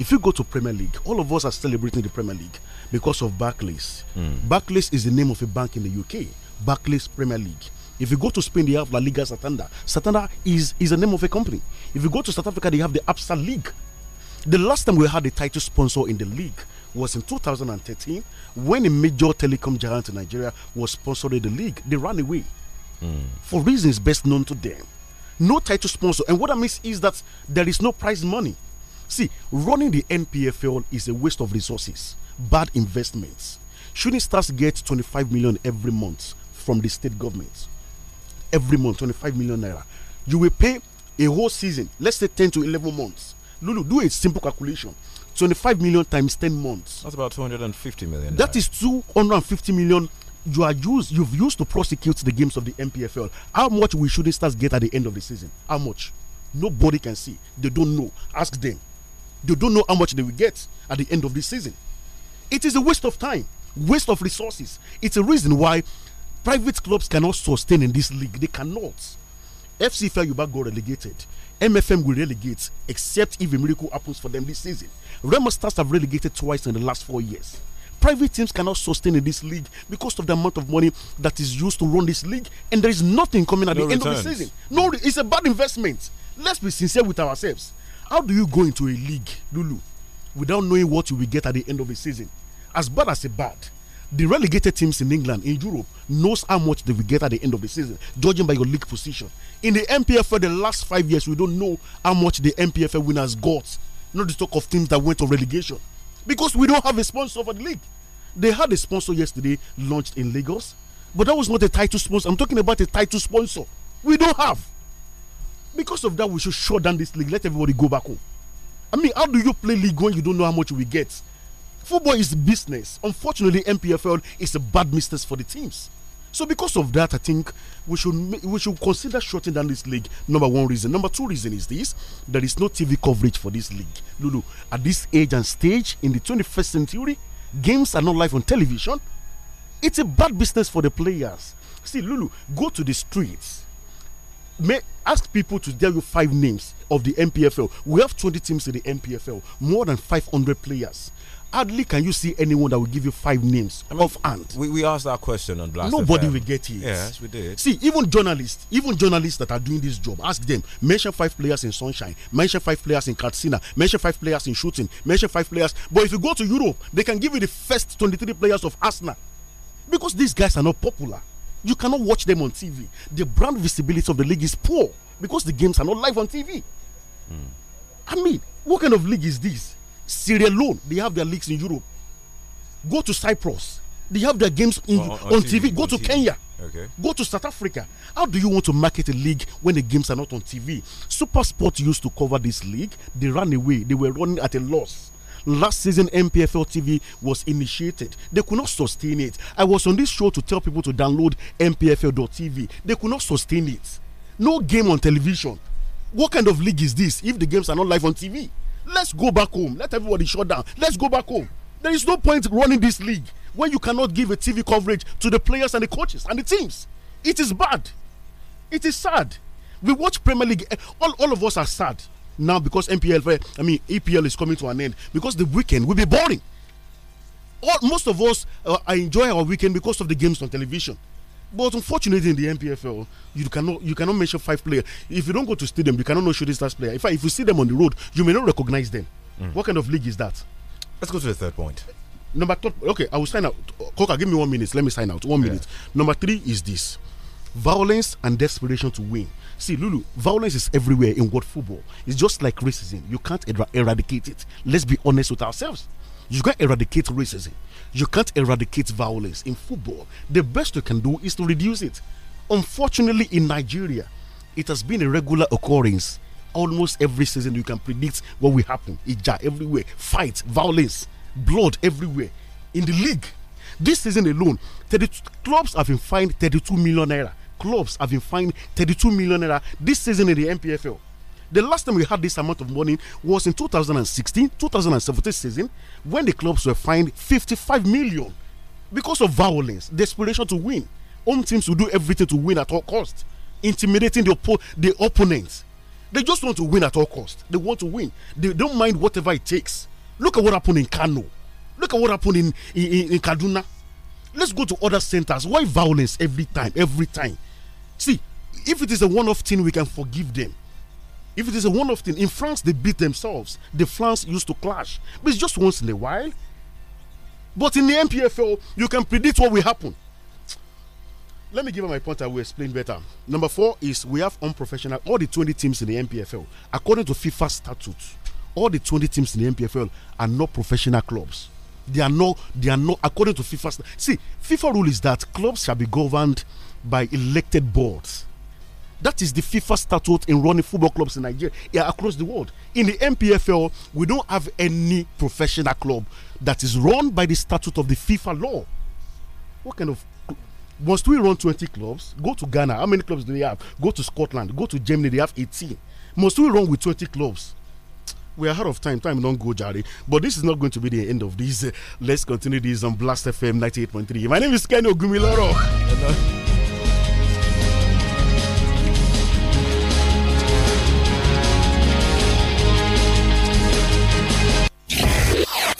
Speaker 1: If you go to Premier League, all of us are celebrating the Premier League because of Barclays. Mm. Barclays is the name of a bank in the UK. Barclays Premier League. If you go to Spain, they have La Liga Santander. Santander is is the name of a company. If you go to South Africa, they have the Absa League. The last time we had a title sponsor in the league was in 2013 when a major telecom giant in Nigeria was sponsoring the league. They ran away mm. for reasons best known to them. No title sponsor. And what I mean is that there is no prize money. See, running the NPFL is a waste of resources, bad investments. Shooting Stars get 25 million every month from the state government. Every month, 25 million naira. You will pay a whole season, let's say 10 to 11 months. Lulu, do a simple calculation. 25 million times 10 months.
Speaker 2: That's about 250 million.
Speaker 1: That is 250 million you are used you've used to prosecute the games of the MPFL. How much will shooting stars get at the end of the season? How much? Nobody can see. They don't know. Ask them. They don't know how much they will get at the end of the season. It is a waste of time, waste of resources. It's a reason why private clubs cannot sustain in this league. They cannot. FC Fayuba got relegated. MFM will relegate except if a miracle happens for them this season. Remo Stars have relegated twice in the last four years. Private teams cannot sustain in this league because of the amount of money that is used to run this league, and there is nothing coming at no the returns. end of the season. No, it's a bad investment. Let's be sincere with ourselves. How do you go into a league, Lulu, without knowing what you will get at the end of the season? As bad as a bad, the relegated teams in England, in Europe, knows how much they will get at the end of the season, judging by your league position. In the MPFL, the last five years, we don't know how much the MPFL winners got. Not the talk of teams that went to relegation. Because we don't have a sponsor for the league. They had a sponsor yesterday launched in Lagos, but that was not a title sponsor. I'm talking about a title sponsor. We don't have. Because of that, we should shut down this league. Let everybody go back home. I mean, how do you play league when you don't know how much we get? Football is business. Unfortunately, MPFL is a bad business for the teams. So because of that, I think we should we should consider shutting down this league. Number one reason. Number two reason is this: there is no TV coverage for this league. Lulu, at this age and stage in the 21st century, games are not live on television. It's a bad business for the players. See, Lulu, go to the streets. May ask people to tell you five names of the MPFL. We have 20 teams in the MPFL, more than 500 players hardly can you see anyone that will give you five names I mean, of
Speaker 2: hand. We, we asked that question on Blast Nobody FM. will get it. Yes, we did. See,
Speaker 1: even journalists, even journalists that are doing this job, ask them, mention five players in Sunshine, mention five players in Katsina, mention five players in shooting, mention five players. But if you go to Europe, they can give you the first 23 players of Arsenal. Because these guys are not popular. You cannot watch them on TV. The brand visibility of the league is poor because the games are not live on TV. Mm. I mean, what kind of league is this? Syria alone, they have their leagues in Europe. Go to Cyprus, they have their games in, oh, oh, oh on, on, TV. TV. Go on to TV. Kenya. Okay. Go to South Africa. How do you want to market a league when the games are not on TV? Super Sport used to cover this league. They ran away. They were running at a loss. Last season, MPFL TV was initiated. They could not sustain it. I was on this show to tell people to download MPFL.tv. They could not sustain it. No game on television. What kind of league is this if the games are not live on TV? Let's go back home. Let everybody shut down. Let's go back home. There is no point running this league when you cannot give a TV coverage to the players and the coaches and the teams. It is bad. It is sad. We watch Premier League. All, all of us are sad now because MPL, eh, I mean EPL is coming to an end because the weekend will be boring. All, most of us uh, enjoy our weekend because of the games on television. But unfortunately, in the NPFL, you cannot you cannot mention five players. If you don't go to stadium, you cannot know this last player. In fact, if you see them on the road, you may not recognize them. Mm. What kind of league is that? Let's go to the third point. Number two, okay, I will sign out. Coca, give me one minute. Let me sign out. One minute. Yeah. Number three is this violence and desperation to win. See, Lulu, violence is everywhere in world football. It's just like racism. You can't er eradicate it. Let's be honest with ourselves. You can't eradicate racism. You can't eradicate violence in football. The best you can do is to reduce it. Unfortunately, in Nigeria, it has been a regular occurrence. Almost every season, you can predict what will happen. Ija everywhere, fight, violence, blood everywhere in the league. This season alone, 32 clubs have been fined 32 million naira. Clubs have been fined 32 million naira this season in the MPFL. The last time we had this amount of money was in 2016, 2017 season, when the clubs were fined 55 million because of violence, desperation to win. Home teams will do everything to win at all cost, intimidating the, oppo the opponents. They just want to win at all cost. They want to win. They don't mind whatever it takes. Look at what happened in Kano. Look at what happened in, in, in Kaduna. Let's go to other centers. Why violence every time? Every time. See, if it is a one off thing, we can forgive them. If it is a one off thing, in France they beat themselves. The France used to clash, but it's just once in a while. But in the MPFL, you can predict what will happen. Let me give you my point. I will explain better. Number four is we have unprofessional. All the 20 teams in the MPFL, according to FIFA statutes, all the 20 teams in the MPFL are not professional clubs. They are not. They are not according to FIFA. See, FIFA rule is that clubs shall be governed by elected boards that is the FIFA statute in running football clubs in Nigeria, yeah, across the world. In the MPFL, we don't have any professional club that is run by the statute of the FIFA law. What kind of must we run 20 clubs? Go to Ghana. How many clubs do they have? Go to Scotland. Go to Germany. They have 18. Must we run with 20 clubs? We are out of time. Time don't go, Jerry. But this is not going to be the end of this. Let's continue this on Blast FM 98.3. My name is Kenny Ogumiloro.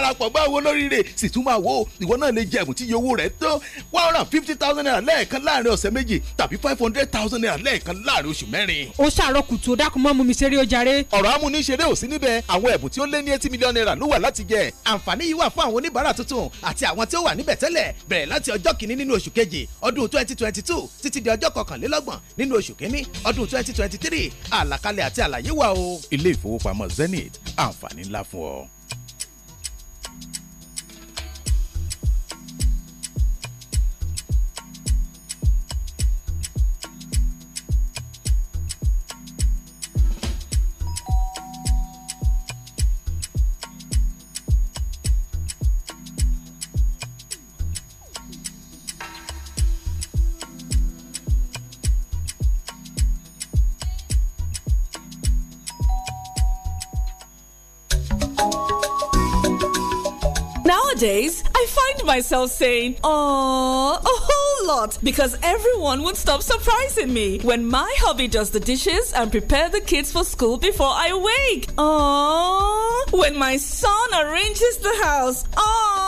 Speaker 1: darapọ̀ bá owó lóríire sì tún máa wò ó ìwọ náà lè jẹ ẹ̀bùn tí iye owó rẹ̀ tó one hundred and fifty thousand naira lẹ́ẹ̀kan láàrin ọ̀sẹ̀ méjì tàbí five hundred thousand naira lẹ́ẹ̀kan láàrin oṣù mẹ́rin.
Speaker 4: ó ṣàárọ̀ kùtù dákun mọ́ mú mi ṣeré ó ọ̀rọ̀ amúniṣeré ò sí níbẹ̀ àwọn ẹ̀bùn tí ó lé ní eighty million naira ló wà láti jẹ. àǹfààní yìí wà fún àwọn oníbàárà tuntun àti àwọn tí ó wà níbẹ̀ tẹ́lẹ̀
Speaker 3: bẹ̀rẹ̀
Speaker 7: láti ọjọ́ kìíní nínú oṣù kejì ọdún twenty twenty two títí di ọjọ́ kọkànlélọ́gbọ̀n nínú oṣù kìíní ọdún twenty twenty three àlàkalẹ̀ àti àlàyé wà o.
Speaker 1: ilé ìfowópamọ́ Zenith àǹfààní ńlá fún ọ.
Speaker 6: Nowadays, I find myself saying, "Aww," a whole lot because everyone would stop surprising me when my hubby does the dishes and prepare the kids for school before I wake. Aww, when my son arranges the house. Aww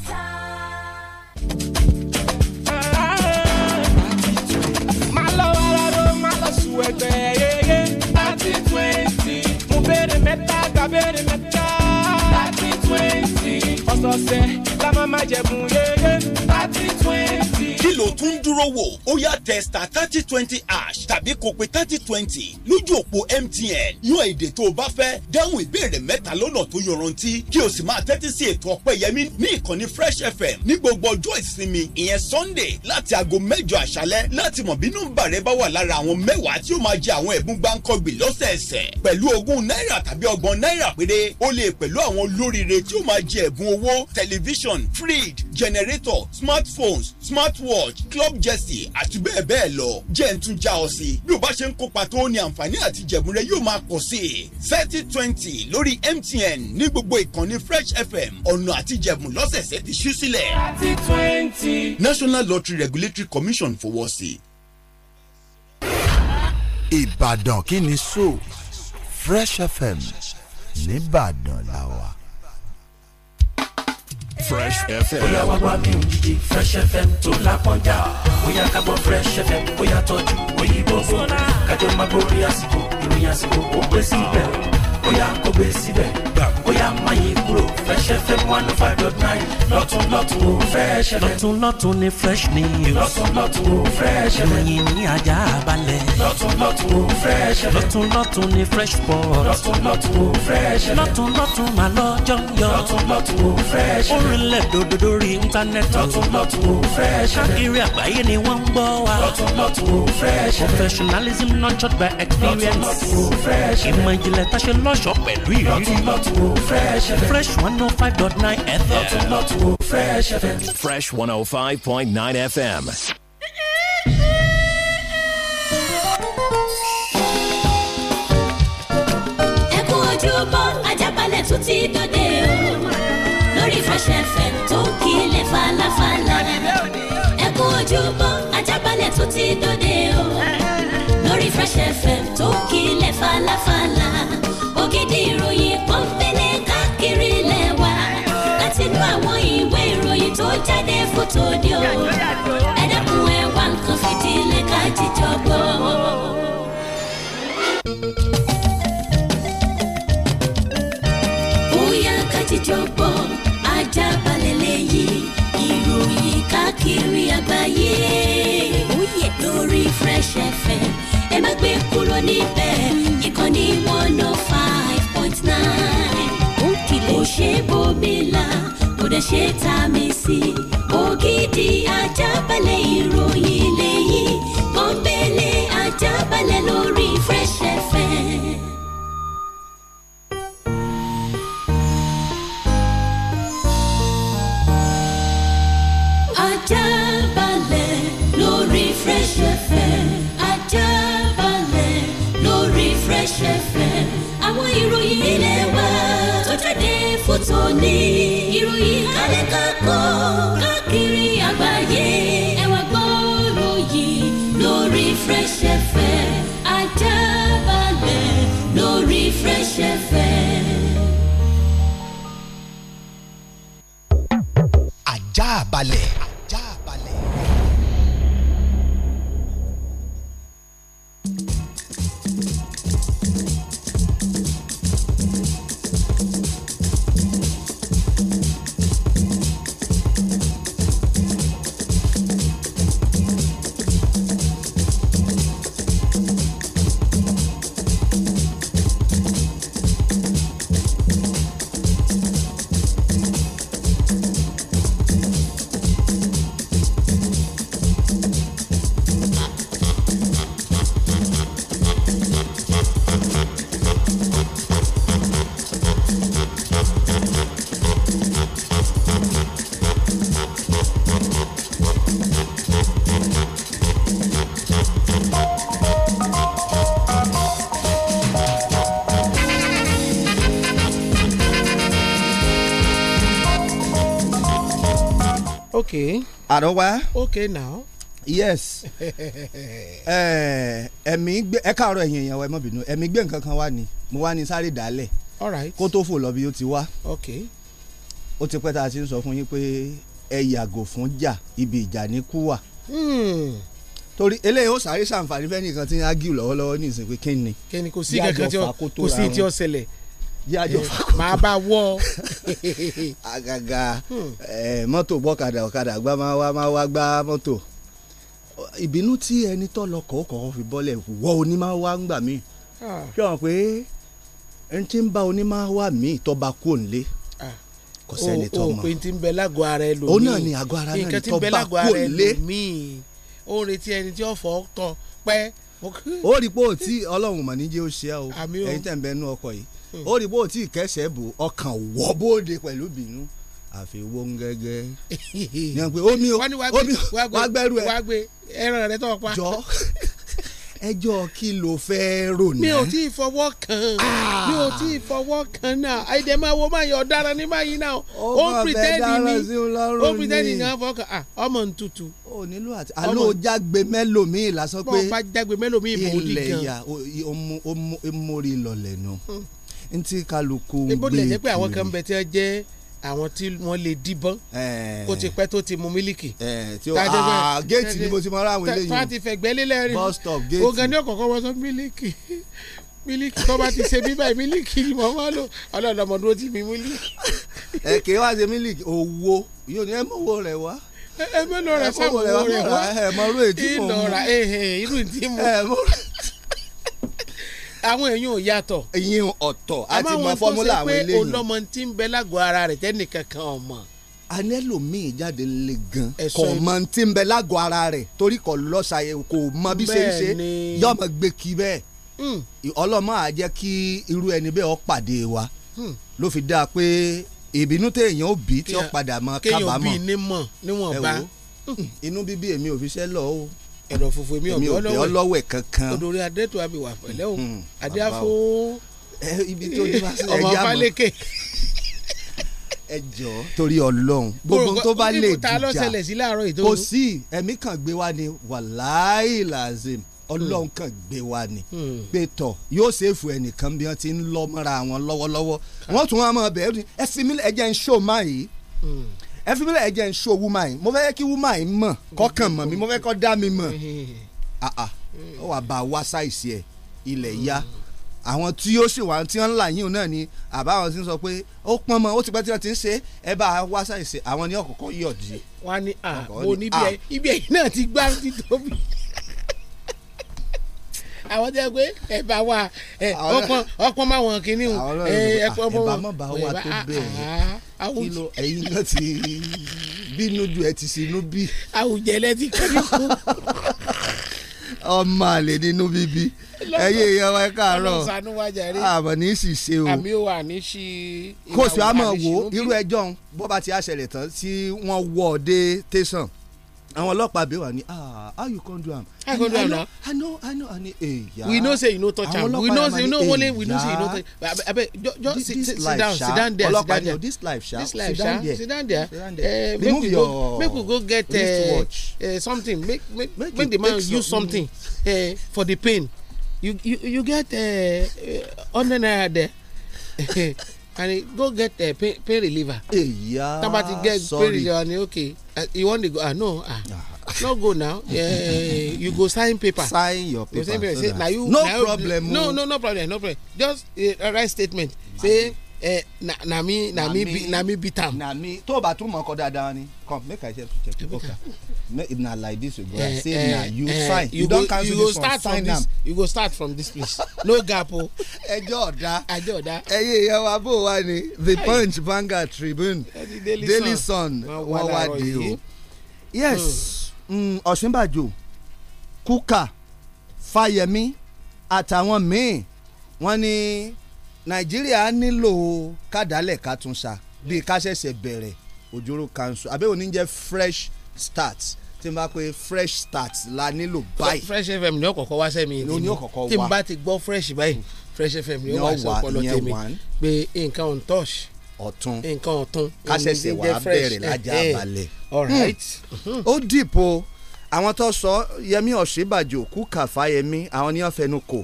Speaker 1: você mọ́ má jẹ̀bùn yéyé. thirty twenty. kí ló tún dúró wò ó yá testa thirty twenty ash tàbí kó pe thirty twenty lójú òpó MTN yan èdè tó o bá fẹ́ dáhùn ìbéèrè mẹ́ta lọ́nà tó yọrantí kí o sì máa tẹ́tí sí ètò ọpẹ́yẹmí ní ìkànnì Fresh FM ní gbogbo ọjọ́ ìsinmi ìyẹn Sunday láti aago mẹ́jọ àṣálẹ́ láti mọ̀ bí nọ́mbà rẹ bá wà lára àwọn mẹ́wàá tí ó máa jẹ àwọn ẹ̀bùn gbáǹkọ́gbìn lọ́sẹ̀ẹsẹ̀ pẹ̀lú ogún náírà tàbí ọgbọ̀n náírà péré o lè pẹ̀lú àwọn olóríire tí ó máa jẹ ẹ̀bùn owó tẹlifíṣàn phone fridge generator smartphones smartwatch club jersey àti bẹ́ẹ̀ bẹ́ẹ̀ lọ jẹ́ ń tún já ọ sí bí o bá ṣe ń kópa tó ní àǹfààní àti jẹ̀bùn rẹ yóò máa pọ̀ sí i thirty twenty lórí MTN ní gbogbo ìkànnì Fresh FM ọ̀nà àti jẹ̀bùn lọ́sẹ̀ẹ̀sẹ̀ ti ṣú sílẹ̀. thirty twenty. National Lottery Regulatory Commission fowọ́
Speaker 10: sí. Ìbàdàn kí ni so Fresh FM nìbàdàn làwà fresh fm. bóyá wá wá mi ò fresh fm tó lápọ́njà bóyá ká gbọ́ fresh fm bóyá
Speaker 7: tọ́jú òyìnbó bò kájọ máa gbórí àsìkò ìròyìn àsìkò ó pé sí
Speaker 2: bóyá kò gbé síbẹ̀ bóyá má yí kúrò fẹsẹ̀ one oh five dot nine lọ́tún lọ́tún ó fẹsẹ̀
Speaker 7: lọ́tún lọ́tún ni fresh news. lọ́tún lọ́tún ó fẹsẹ̀ fẹ́. ní ajá balẹ̀. lọ́tún lọ́tún ó fẹsẹ̀ lọ́tún lọ́tún ni fresh sport. lọ́tún lọ́tún ó fẹsẹ̀ fẹ́. lọ́tún lọ́tún mà lọ́jọ́ yọ. lọ́tún lọ́tún ó fẹsẹ̀ fẹ́. orílẹ̀ dòdò lórí íńtánẹ́ẹ̀tì. lọ́tún lọ́tún ó fẹsẹ̀ káàkiri àgbáyé ni wọ́n ń gbọ́ pẹ̀lú fresh fm. fresh one oh five fm.
Speaker 2: lọ́tún lọ́tún fresh fm. fresh one oh five point nine fm.
Speaker 8: ẹkún ojúbọ ajábalẹ̀ tún ti dòde o lórí fresh fm tó ń kílẹ̀ falafala ẹkún ojúbọ ajábalẹ̀ tún ti dòde o lórí fresh fm tó kílẹ̀ falafala. ògidì ìròyìn kan fẹlẹ̀ káàkiri lẹ́wà láti inú àwọn ìwé ìròyìn tó jáde fótó ni o ẹ dákun ẹ wá nǹkan fìdílé ká jíjọ gbọ́. ṣe tá a mi sí ògidì ajábalẹ̀ ìròyìn lẹ́yìn.
Speaker 14: àrọ́wá. okay now. yes ẹ̀mí gbé ẹ káàárọ̀ ẹ̀yìn èèyàn wa ẹ má bínú ẹ̀mí gbé nǹkan kan wá ni mo wá ní sáré dálẹ̀ kó tó fò lọ bí ó ti wá ó ti pẹ́ tá a ti ń sọ fún yín pé ẹ yàgò fún jà ibi ìjà ní kú wà
Speaker 15: hmm.
Speaker 14: torí eléyìí ó sáré ṣàǹfààní fẹ́nìkan tí ń ágìl lọ́wọ́lọ́wọ́ ní ìsìn pé kí ni kí ni kò sí kankan tí ó ṣẹlẹ̀ jẹ́ àjọ fakọ̀. màá bá wọ́ ọ. àgàgà eh, mọ́tò bọ́kadà ọ̀kadà gbá máa wá máa wá gbá mọ́tò ìbínú tí ẹni tó lọ kọ̀ọ̀kọ̀ fi bọ́lẹ̀ wọ́ oní máa wá ń gbà mí. ṣé ah. wọn pé ẹni tí ń bá oní máa wá mí tó bá kú òǹlé ah.
Speaker 15: kò sẹ́ni tó mọ̀. o pé
Speaker 14: ti ń bẹ lágọ̀ọ́ ara ẹ lòmíì. ó náà ni àgọ́ ara náà ni tó bá kú òǹlé. nǹkan ti ń bẹ lágọ̀ọ́ ara ẹ lòmíì. ó retí ẹni tí ó tán pẹ́ ó rí pé ó tí ọlọ́run mọ̀ níjẹ́ ó ṣe é o ẹ̀yin tẹ̀ ń bẹnu ọkọ̀ yìí hmm. ó rí pé ó tí ìkẹsẹ̀ bò ọkàn wọ́ bóde pẹ̀lú bínú àfi wọ́n gẹ́gẹ́ ní wọn omi o omi wàá gbẹ́rù ẹ̀ ẹran ẹjọ́ kí ló fẹ́ rò ní. mi ò tí ì fọwọ́ kan
Speaker 15: ah. mi ò tí ì fọwọ́ kan náà àìdè máa wo máa yọ ọ̀daràn ní báyìí náà ó ah, ń pìtẹ́ẹ̀dì ní ó ń pìtẹ́ẹ̀dì ní
Speaker 14: àfọkàn ọmọ ntutu. o nílò àti àlọ́ jágbe mẹ́lòmíì lásán pé ọmọ jágbe mẹ́lòmíì mò ń di gan. ilẹ̀ ya omori lọlẹ̀ nù hmm. ntí kálukú gbé kiri. ibo lè jẹ́ pé àwọn kan bẹ̀ tí wọ́n jẹ́ àwọn tí wọ́n lè
Speaker 15: díbọ́n eh. ó ti pẹ́ tó ti mu mílíkì. Eh, ah, géètì ni mo ti mọ ara àwọn eléyìí. fati fẹ̀gbẹ́lẹ́ lẹ́rìn bus stop géètì. ogan ní ọ̀kọ̀ọ̀kan wọ́n sọ mílíkì mílíkì tó bá ti ṣe bíbá mílíkì ni mo máa lò ọlọ́dọ̀ ọmọdún ó ti mi mílíkì.
Speaker 14: ẹ eh, kì í wá ṣe mílíkì owó yóò ní ẹ mọ owó rẹ wá ẹ mọ owó rẹ wá ẹ mọ owó rẹ wá ẹ mọ owó rẹ wá ẹ mọ owó rẹ wá mọ
Speaker 15: owó rẹ wá ẹ mọ àwọn èèyàn ò yàtọ̀. ìyẹn ọ̀tọ̀
Speaker 14: a ti mọ fọ́múlà àwọn eléyìí. àmọ́ wọn tó ṣe pé olọ́mọ
Speaker 15: ti ń bẹ lágọ̀ọ́ ara rẹ̀ tẹ́nìkan kan ọmọ.
Speaker 14: anẹ́lòmíì jáde ńlẹ̀ gan kò mọ ti ń bẹ lágọ̀ọ́ ara rẹ̀ torí kò lọ́sàyẹ̀ kò mọ bí ṣe ń ṣe yọmọ gbé kí bẹ́ẹ̀ hmm. ọlọ́mọ á jẹ́ kí irú ẹni bẹ́ẹ̀ ó pàdé wa hmm. ló fi dáa pé ìbínú téèyàn ó bí tí ó padà mọ kábàámọ̀ kéèyàn bí ní mọ̀ ẹ̀rọ̀ mi èmi ọ̀bẹ ọlọ́wẹ̀ kankan odòrè adẹ́tò abiwà pẹ̀lẹ́ o hmm, adéafó ibi tó dé wá sí ọmọ falẹ́kẹ̀ ẹ jọ torí Ọlọ́run gbogbo tó bá lè dìjà kò sí ẹ̀mí kan gbé wá ní wàláì làzim Ọlọ́run hmm. kan gbé wa ni hmm. pé tọ̀ yóò ṣèfù ẹnìkan bí wọ́n ti ń lọ́ mọ́ra wọn lọ́wọ́lọ́wọ́ wọ́n tún wọn mọ̀ bẹ́ẹ̀ ẹ fi ń ṣó máa yìí ẹ fi mílẹ̀ ẹ jẹ́ n ṣó woman yìí mo fẹ́ kí woman yìí mọ̀ kọ́kàn mọ̀ mi mo fẹ́ kọ́ dá mi mọ̀ ah, ah. ó wà bá a wá ṣàìsí ẹ̀ ilẹ̀ ya àwọn tí ó sì wà tí wọ́n ń là yín náà ni àbá àwọn tí ń sọ pé ó pọ́n mọ́ ó ti pẹ́ tí wọ́n ti ń ṣe ẹ bá a wá ṣàìsí àwọn ní ọ̀kọ̀ọ̀kọ̀ yọ̀dí. wọ́n ní à mo níbi ẹ̀ ibi ẹ̀yìn náà ti gbá ti
Speaker 15: àwọn tẹ́ pé ẹ̀bà wà ọpọ́n máa wọ̀n kínní o ẹ̀pọ̀ mọ́ ẹ̀bà mọ́ bá wà tó ah, bẹ́ẹ̀ ah, kí ló ẹ̀yin náà ti
Speaker 14: bínú ju ẹ̀ ti sinú bí. àwùjẹ lẹ ti kú ọmọ àlè nínú bíbí ẹyẹ ìyàwó ẹ káàárọ̀ àmọ́ ní sì ṣe o àmì wà ní sí. kóòsù àmọ́ wo irú ẹjọ́ bó ti àṣẹlẹ̀ tán tí wọ́n wọ́ ọ dé tẹ̀sán àwọn ọlọ́pàá bẹ́ẹ̀ wà ní ah how you come do am. how you come do am na. i know i know and eya. Eh, we know say you no touch am eh, we know say you no wole we know say you no touch
Speaker 15: am abe just sit down sit down there sit down there this
Speaker 14: life sha this life sha sit
Speaker 15: down there make your. go make we go get eh, something make make make the man use something for the pain you you you get hundred naira there and go get pain reliever.
Speaker 14: eya sọrí tábà ti get pain reliever
Speaker 15: ni okay uh, you want to go ah no ah, ah. no go now Yeah, you go sign paper sign
Speaker 4: your paper, you sign paper. So say, na you, no problem you, no oh.
Speaker 15: no no problem no problem just
Speaker 14: uh, write statement say ẹ eh, na na mi na mi bi na mi bi tam. na mi tó o bá tún mọ ọkọ dáadáa ni come make i help you check your book na like this you go uh, say uh, na eh, you uh, sign you, you don cancel this one sign am. you go start from this place no gap o. Oh. ẹjọ́
Speaker 15: ọ̀dà ẹjọ́ ọ̀dà.
Speaker 14: ẹyẹ ìyá wa bó wa ni the punch vanguard tribune daily sun wọn wá dé o. yes hmm. Hmm, ọ̀ṣínbàjò kúkà fáyẹmí àtàwọn míì wọ́n ní nàìjíríà nílò kádàálẹ̀ kàtúnṣà bíi káṣẹ̀ṣẹ̀ bẹ̀rẹ̀ òjòrò kanṣu àbẹ̀wò ní jẹ́ fresh start tí n bá pe fresh start la nílò báyìí.
Speaker 15: fresh fm ni ọkọ̀ọ̀kọ̀ wá sẹ́mi ni tí n bá
Speaker 14: ti gbọ́ fresh báyìí hmm.
Speaker 15: fresh fm ni ó wà sí ọpọlọ tèmi pé nǹkan on touch ọ̀tún
Speaker 14: nǹkan ọ̀tún
Speaker 15: káṣẹ̀ṣẹ̀ wà á bẹ̀rẹ̀
Speaker 14: lájà balẹ̀. all right. Hmm. ó dìpọ̀ àwọn tó sọ yẹmí ọ̀ṣínbàjò kúkà fáyẹmí àwọn ni wọ́n fẹnu kò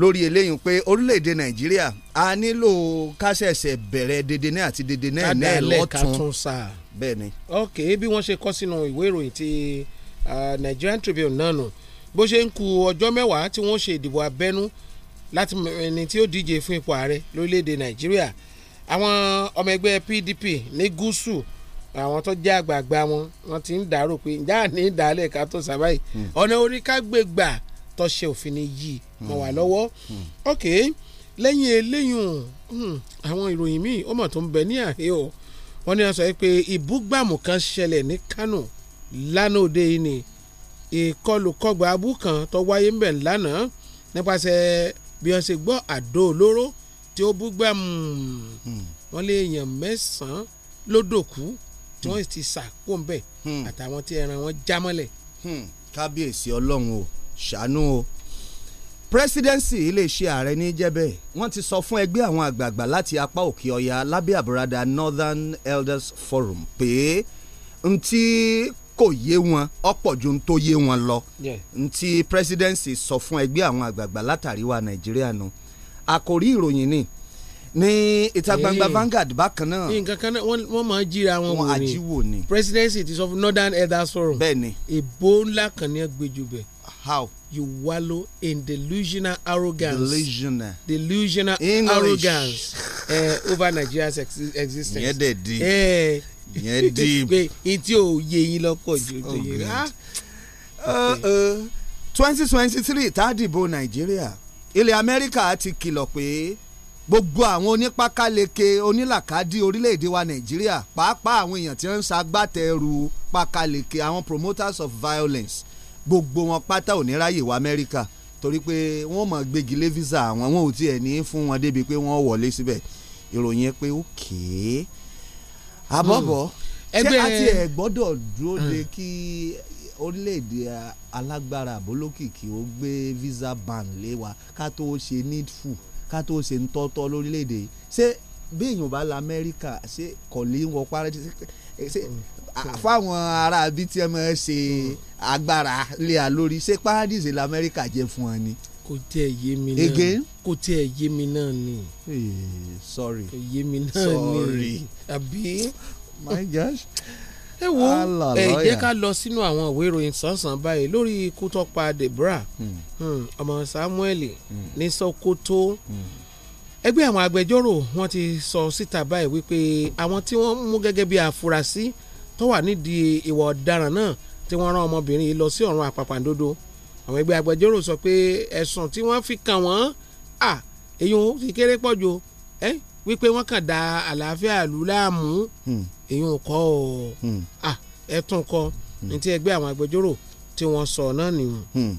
Speaker 14: lórí eléyìí pé orílẹ̀-èdè nàìjíríà a nílò kásẹ̀sẹ̀ bẹ̀rẹ̀ dédé náà àti dédé náà náà lọ́tún bẹ́ẹ̀
Speaker 5: ni.
Speaker 15: ok bí wọ́n ṣe kọ sínú ìwé ìròyìn ti Nigerian Tribune náà nù bó ṣe ń ku ọjọ́ mẹ́wàá tí wọ́n ṣe ìdìbò abẹ́nú láti ẹni tí ó díje fún ipò ààrẹ lórílẹ̀‐èdè Nàìjíríà àwọn ọmọ ẹgbẹ́ PDP ní gúúsù àwọn tó jẹ́ àgbààgbà wọn wọ́n ti ń dàrú pé ǹjẹ́ àní ìdálẹ̀ ká tó sábà yìí hmm. ọ̀nà orí ká gbé gbà tọ́ṣe òfin ni yìí mọ̀ wá hmm. lọ́wọ́ hmm. ok lẹ́yìn eléyìí àwọn ìròyìn míì ó mọ̀ tó ń bẹ ní àhẹ́ o wọ́n ní wọ́n sọ pé ìbúgbàmù kan ṣẹlẹ̀ ní Kánò lánàá òde yìí ni ìkọlù abú kan tó wáyé ń bẹ lánàá nípasẹ̀ bí wọ́n ṣe gbọ́ àdó olóró tí ó búgbàmù wọ́n lé èèyàn mẹ́sàn-án ló dòkú tí wọ́n ti sà kó ń bẹ̀
Speaker 14: àtàwọn tí ẹran wọn já mọ́lẹ̀. Hmm. kábíyèsí ọlọ́run o ṣàánú o presidency iléeṣẹ́ ààrẹ ní jẹ́bẹ̀ wọ́n ti sọ fún ẹgbẹ́ àwọn àgbààgbà láti apá òkè ọya lábẹ́ àbúradà Northern Elders Forum pé ntí kò yé wọn ọ̀pọ̀ ju ń tó yé wọn lọ ntí presidency sọ fún ẹgbẹ́ àwọn àgbààgbà látàríwá Nàìjíríà nu àkòrí ìròyìn ni. No ní ìta gbangba Vanguard bákan náà.
Speaker 15: nǹkan kan náà wọ́n máa jíra wọn wò ni wọ́n àjíwò ni. presidency ti sọ fún northern elders forum. bẹ́ẹ̀ni. èbó ńlá kan ní agbèjú how. you wallow in delusional arrogance. delusional. delusional English. arrogance uh, over Nigeria's ex existence. ìyẹn dẹ̀ di. Eh.
Speaker 14: ìyẹn di. pé etí ò yẹ yín lọ́pọ̀ ju ah. uh, ojú uh, twenty twenty three tá a dìbò Nàìjíríà ilẹ̀ Amẹ́ríkà ti kìlọ̀ pé gbogbo àwọn onípákáleke onílàkádì orílẹ̀-èdè wa nàìjíríà pàápàá àwọn èèyàn tí wọ́n ń ṣagbátẹrù pákáleke àwọn promoters of violence gbogbo wọn pátá ò ní ráyè wá amẹ́ríkà torí pé wọ́n mọ̀ gbégi lé visa àwọn wọn ò tiẹ̀ ní fún wọn débi pé wọ́n wọlé síbẹ̀ ìròyìn pé ó kéé àbọ̀bọ̀ hmm. ṣé àti ẹ̀ gbọ́dọ̀ dúró hmm. de kí orílẹ̀-èdè alágbára àbólókìkí ó gbé visa ban lé wa ká tó ṣe needful ká tó ṣe ń tọ́tọ́ lórílẹ̀‐èdè ṣé bí èèyàn bá la amẹ́ríkà ṣé kọ̀lé ń wọ párẹ́tì ṣé hmm. fáwọn ará bí tí ẹ máa ṣe hmm. agbára lé a lórí paradise la amẹ́ríkà jẹ́ fún ọ ni. kò tí ẹ yé mi náà again kò tí ẹ yé mi náà
Speaker 15: ni. sorry sorry
Speaker 14: Abi. my gosh ẹ wo ẹ jẹ́ ká
Speaker 15: lọ sínú àwọn ìwé ìròyìn sánsan báyìí lórí ikú tó pa Deborah hmm. Hmm, ọmọ Samuel hmm. ní Sokoto ẹgbẹ́ àwọn agbẹjọ́rò wọn ti sọ síta báyìí wípé àwọn tí wọ́n mú gẹ́gẹ́ bí àfúrásì tó wà nídìí ìwà ọ̀daràn náà tí wọ́n rán ọmọbìnrin yìí lọ sí ọ̀run àpàpàǹdodo àwọn ẹgbẹ́ agbẹjọ́rò sọ pé ẹ̀sùn tí wọ́n fi kàn wọ́n à èyí ò ti kéré pọ̀ jù ẹ́ wípé wọ́n kàn da àlàáfíà ìlú láàmú hmm. èyí ò kọ́ ọ hmm. ẹ̀tún kọ́ hmm. ní ti ẹgbẹ́ àwọn agbẹjọ́rò tí wọ́n sọ náà nìyẹn.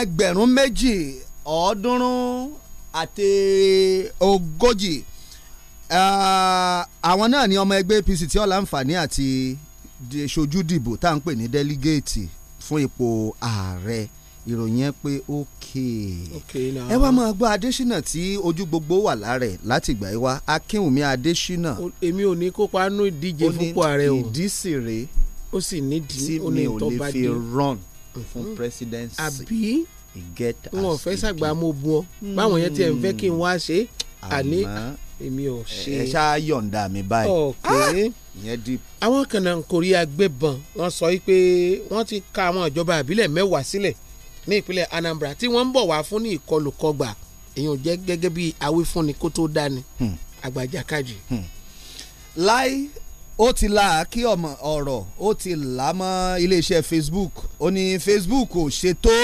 Speaker 14: ẹgbẹ̀rún méjì ọ̀ọ́dúnrún àti ogójì àwọn náà ni ọmọ ẹgbẹ́ APC tí ó láǹfààní àti ṣojú dìbò tá à ń pè ní délígéètì fún ipò ààrẹ. Mm ìròyìn yẹn pé okay ẹ wá máa gbọ́ Adésínà tí ojú gbogbo wà lára ẹ̀ láti ìgbà yìí wá Akínwùmí Adésínà.
Speaker 15: èmi ò ní kópa nínú ìdíje fúnpọ̀ ààrẹ o
Speaker 14: ìdí sì rèé
Speaker 15: ó sì nídìí tí mi ò lè fi run
Speaker 14: mm-hmm. fún presidency. àbí n ò fẹ́ sàgbà mo bu ọ
Speaker 15: báwọn yẹn tiẹ̀ ń fẹ́ kí n
Speaker 14: wá ṣe àní èmi ò ṣe. ẹ ṣáá yọ̀ǹda mi báyìí. ọ̀kẹ́ ah! ìyẹn deep.
Speaker 15: àwọn kànáà kò rí agbébọn wọn sọ pé wọn ti ka àwọn ìjọba àbílẹ̀ mẹ́wàá sílẹ̀ ní ìpínlẹ̀ Anambra tí wọ́n ń bọ̀ wá fún ní ìkọlù kọgbà èèyàn jẹ́ gẹ́gẹ́ bí awífúnni kó tó dání
Speaker 6: hmm.
Speaker 14: àgbàjàkadì. Hmm. láì ó ti la kí ọmọ ọ̀rọ̀ ó ti là mọ́ iléeṣẹ́ Facebook ó ní Facebook ò ṣètò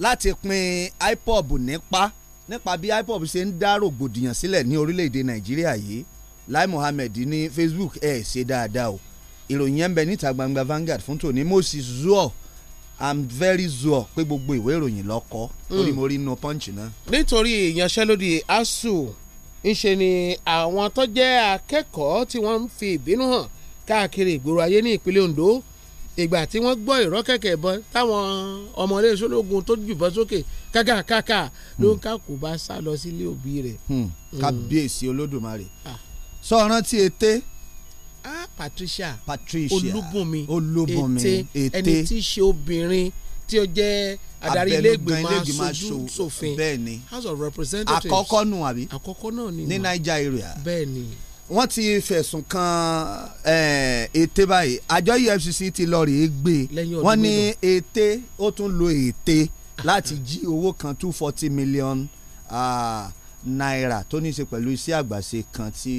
Speaker 14: láti pin IPOB nípa nípa bí IPOB ṣe ń dá rògbòdìyàn sílẹ̀ ní orílẹ̀-èdè Nàìjíríà yìí Lai Mohammed ní Facebook ẹ̀ ṣe dáadáa o ìròyìn ẹ̀ ń bẹ níta gbangba Vanguard fún tòní Moses Zuo i'm very sure pé gbogbo ìwé ìròyìn lọ́kọ́ torí hmm. mo rí inú punch náà.
Speaker 15: nítorí ìyanṣẹ́lódì asuu ńṣe ni àwọn tó jẹ́ akẹ́kọ̀ọ́ tí wọ́n ń fi ìbínú hàn káàkiri ìgboro ayé ní ìpínlẹ̀ Ondo ìgbà tí wọ́n gbọ́ ìró kẹ̀kẹ́ ìbọn táwọn ọmọlé sólógun tó jùbọ́ sókè kákàkàkà ló ń kàkó bá sá lọ sílé òbí
Speaker 14: rẹ̀. Hmm. Hmm. kábíyèsí olódùmarè ah. sọ rántí ète. So, ah Patricia Patricia Olúbùnmi Olúbùnmi ète ẹni tí í ṣe obìnrin tí ó jẹ́ adarí ilégbèmọ̀ aṣojú ṣòfin
Speaker 15: House of Representatives àkọ́kọ́ nù
Speaker 14: àbí àkọ́kọ́ náà ni ní Nigeria bẹ́ẹ̀ ni wọ́n ti fẹ̀sùn kan ète báyìí àjọ EFCC ti lọ rèé gbé wọ́n ní ète ó tún lo ète láti jí owó kan two forty million. Uh, náírà tó ní í ṣe pẹ̀lú iṣẹ́ àgbàṣe kan tí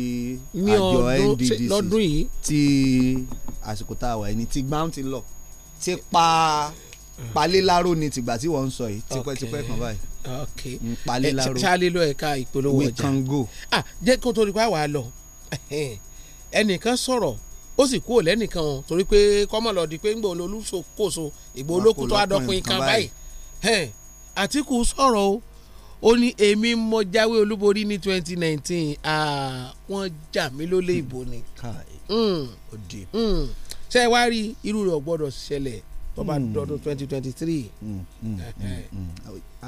Speaker 14: àjọ NDDC ti àsìkò tá a wà ẹni tí gbáhùn lọ ti pa paléláró ni tìgbà tí wọ́n ń sọ yìí tipẹ́tipẹ́ kan báyìí okay mm, paléláró ṣááléló
Speaker 15: ẹ̀ka ìpolówó
Speaker 14: ọjà we can go.
Speaker 15: ah jẹ́ kó torí pé àwa lọ ẹnìkan sọ̀rọ̀ ó sì kúrò lẹ́nìkan o torí pé kọ́mọ̀lọ́dì pé ńgbà olóṣòkòso ìgbà olókùtọ́ àdọ́pin kan báyìí Àtíkù sọ̀rọ̀ o ó ní èmi mo jáwé olúborí ní twenty nineteen wọ́n jà mí lólè ìbò ni hmm. hmm. ṣe wá rí irú rẹ̀ ọ̀gbọ́dọ̀ ṣẹlẹ̀ tó bá hmm. dọdún twenty twenty three.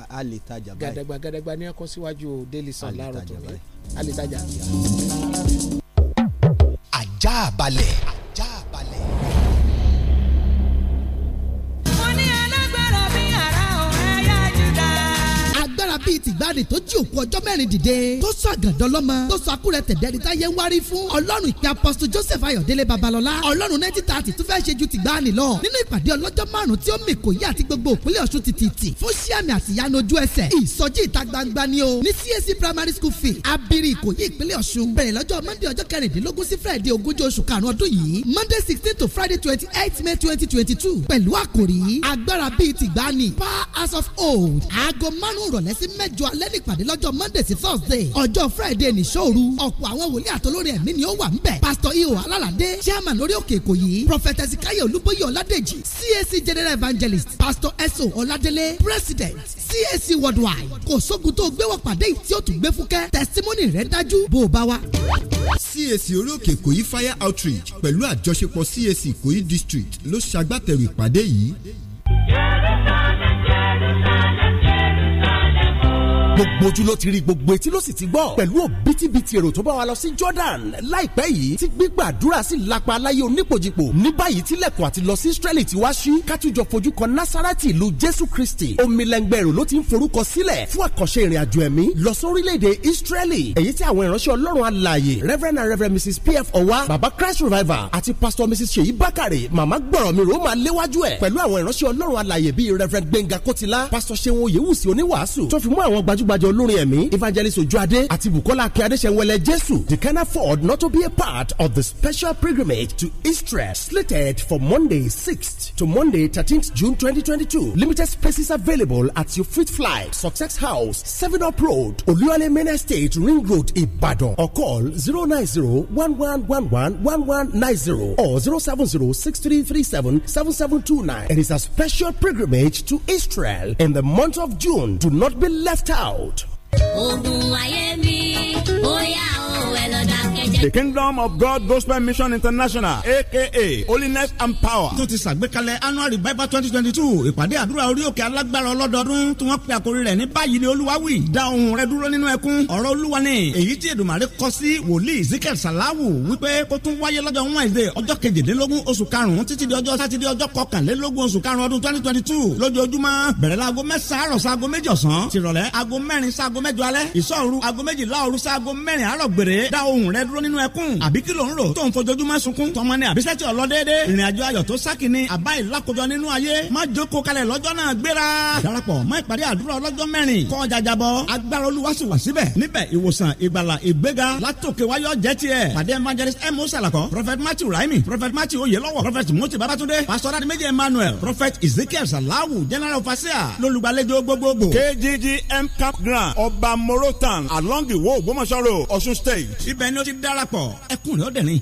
Speaker 15: a lè tajà báyìí gàdàgbà gàdàgbà ní ẹkọ síwájú daily sun
Speaker 5: láàárọ̀ tó ní a lè tajà. ajá balẹ̀. ajá
Speaker 6: balẹ̀.
Speaker 7: bíi tìgbàdì tó jí òkú ọjọ́ mẹ́rin dìde tó sọ àgàdọ́ lọ́mọ tó sọ akúrẹ́ tẹ̀dẹ́rì táyé ń wárí fún ọlọ́run ìpè apọ́sítù Joseph Ayọ̀délé Babalọ́lá ọlọ́run nineteen thirty tún fẹ́ ṣe ju tìgbàanì lọ nínú ìpàdé ọlọ́jọ́ márùn tí ó mì kò yí àti gbogbo òpínlẹ̀ Ọ̀ṣun tìtìtì fún síàmì àtìyánu ojú ẹsẹ̀ ìsọjí ìta gbangba ni o ní CAC primary school fee abiri ìkòyí ìpínlẹ̀ Ọ̀ṣun bẹ̀rẹ̀ lọ́jọ́ Monday ọjọ́ kẹrìndínlógún sí Friday ogúnjọ́ oṣù karùn-ún ọdún yìí Monday sixteen to Friday twenty eight May twenty twenty two pẹ̀lú àkòrí agbára bíi tìgbàanì power house of old aago márùn-ún ìrọ̀lẹ́ m mẹ́jọ alẹ́ nípàdé lọ́jọ́ monday sí thursday ọjọ́ friday nìṣòru ọ̀pọ̀ àwọn wòlíì àtolórí ẹ̀mí ni ó wà ńbẹ̀ pastor iho alalade chairman lórí òkè èkó yìí prophet ezekiel olúbóyè ọládèjì cac general evangelist pastor eso ọládélé president cac worldwide kò sógun tó gbéwọ̀ pàdé tí ó tún gbé fúkẹ́
Speaker 1: testimony rẹ̀ dájú bó o bá wa. cac orí òkè ìkòyí fire outreach pẹ̀lú
Speaker 4: àjọṣepọ̀ cac ìkòyí district ló ṣagbátẹrù ìpàdé yìí gbogbo ojú ló ti rí gbogbo etí ló sì
Speaker 1: ti gbọ́ pẹ̀lú òbítíbitì èrò tó bá wa lọ sí Jordan láìpẹ́ yìí tí gbígbàdúrà sì lápá aláyé onípojìpò ní báyìí tilẹ̀kùn àti lọ sí Israeli ti wá sí kátújọ fojú kan Nasarati ìlú Jésù Kristi omilẹ̀ngbẹ̀ èrò ló ti ń forúkọ sílẹ̀ fún àkànṣe ìrìn àjò ẹ̀mí lọ sórílẹ̀-èdè
Speaker 7: Israeli èyí tí àwọn ìránṣẹ́ Ọlọ́run alààyè Reverend and Reverend Mrs P.F. Ọwa Baba Christ Revival
Speaker 1: àti Pastor Mrs Seyi Bakare Màmá gbọ̀rọ̀ mi rò máa léwájú ẹ̀ pẹ̀lú àwọn ìránṣẹ́ Ọlọ́run alààyè Reverend Gbẹ̀ngà Kótìlá Pastor Ṣeun Oyèwùsì oníwàásù tó fi mú àwọn gbajúgbajà olórin ẹ̀mí evangelist ojuade àti bukola akíndéṣẹ̀wẹ̀lẹ̀ jésù they can afford not to be a part of the special pilgrimage to Israel slated for Monday 6th to Monday 13th June 2022. Limited spaces available at your Fit Fly, Success House, 7 Up Road, Oluwale Main Estate, Ring Road, Ibadan or call 090-1111-1190 or 070-6337-7729 it's a special pilgrimage to Israel in the month of June. Do not be left out. world.
Speaker 8: ogun ayé mi the
Speaker 1: kingdom of God gospel mission international aka holiness and power. tó ti ṣàgbékalẹ̀ annual revival twenty twenty two ìpàdé àdúrà orí òkè alágbára ọlọ́dọọdún tí wọ́n pe àkórí rẹ̀ ní báyìí ni olúwa wí dá ohùn rẹ dúró nínú ẹkún ọ̀rọ̀ olúwa ni èyí tí èdùmàrè kọ sí wòlíì zikir salawu wípé kó tún wáyé lọ́jọ́ wednesday ọjọ́ kejìdínlógún oṣù karùn-ún títí di ọjọ́ sátidé ọjọ́ kọkànlélógún oṣù karùn-ún ọdún twenty twenty two lójoojúmọ́
Speaker 7: bẹ̀rẹ̀ láago mẹ́sàn-án àárọ̀ sáago méjì ọ̀sán tìrọ̀lẹ́ aago mẹ́rin sáago mẹ́jọ alẹ́ ìsọ̀rù aago méjìlá òru sáago mẹ́rin àárọ̀ gbèrè dá ohùn rẹ dúró nínú nínú ẹkún àbí kí ló ń rò tó ń fojoojúmọ́ sunkún tọmọ ni àbíṣẹ́ tí ọlọ́dẹ́dẹ́ ìrìn àjò ayọ̀ tó sákìní àbá ìlàkójọ nínú ayé má jókòó kalẹ̀ lọ́jọ́ náà gbéra darapọ̀ mọ́ ìpàdé àdúrà ọlọ́jọ́ mẹ́rin kọ́ jajabọ́ agbára olúwa sì wà síbẹ̀ níbẹ̀ ìwòsàn ìgbàlà ìgbéga látòkè wáyọ̀ jẹ́ tiẹ̀ pàdé evangelist mo prophet matthew raimi
Speaker 1: prophet prophet moti pastor adimiji emmanuel prophet ezekiel salawu general overseer lolùgbàlejò gbogbogbò kjgm camp ground ọba morotan along the
Speaker 4: way ògbómọ̀ṣọ́ road state darapọ̀ ẹkùnrin ọ̀dẹ̀rin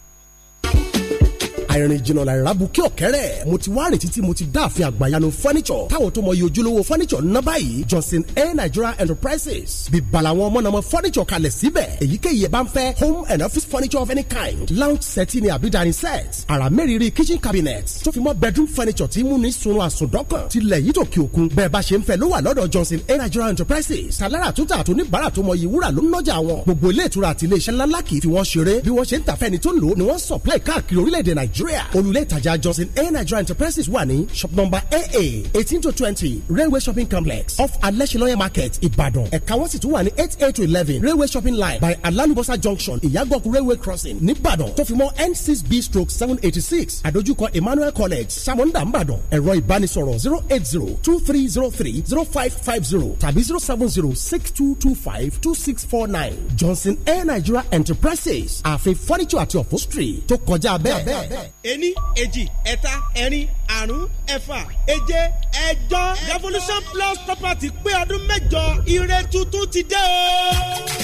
Speaker 1: àìrìn jìnnà làrá bu kí ọ̀kẹ́rẹ́ mo ti wá rètí tí mo ti dá àfin àgbàyanu furniture táwọn tó mọ iye ojúlówó furniture ná báyìí Johnson A Nigeria Enterprises bíbá làwọn mọ̀nàmọ́ furniture kalẹ̀ síbẹ̀ èyíkéyìí ẹ̀ bá ń fẹ́ home and office furniture of any kind lounge set ni àbí dining set àrà mẹ́rìírí kitchen cabinet tó fi mọ́ bedroom furniture tí mú ní sunun àsùndọ́kàn tilẹ̀ yìí tó kí òkun bẹ́ẹ̀ bá ṣe ń fẹ́ ló wà lọ́dọ̀ Johnson A Nigeria Enterprises tàlára tó tà tó níbàárà tó mọ iye wúrà ló ń nọ́jà wọn gbogbo ilé ìtura àti ilé iṣẹ́ ńláńlá kì í fi wọ́n ṣeré bí wọ́n ṣe ń supply káàkiri orílẹ̀-èdè nàìjíríà olùlé ìtajà johnson air nigeria enterprises wà ní shop number aa eighteen to twenty railway shopping complex off alẹ́sìlọ́yẹ̀ market ìbàdàn ẹ̀ka wọ́n sì tún wà ní eight eight to eleven railway shopping line by alalubosa junction ìyàgànkù railway crossing nìbàdàn tó fi mọ́ n six b stroke seven eighty six àdójúkọ emmanuel college samonda nìbàdàn ẹ̀rọ ìbánisọ̀rọ̀ zero eight zero two three zero three zero five five zero tàbí zero seven zero six two two five two six four nine johnson air nigeria enterprises ààfin fọ́nìṣọ́ àti upholstery tó kọjá
Speaker 7: bẹ́ẹ̀ ení èjì ẹ̀ta ẹ̀rin àrún ẹ̀fà èje ẹ̀jọ revolution plus property pé ọdún mẹ́jọ ire tuntun ti dé o.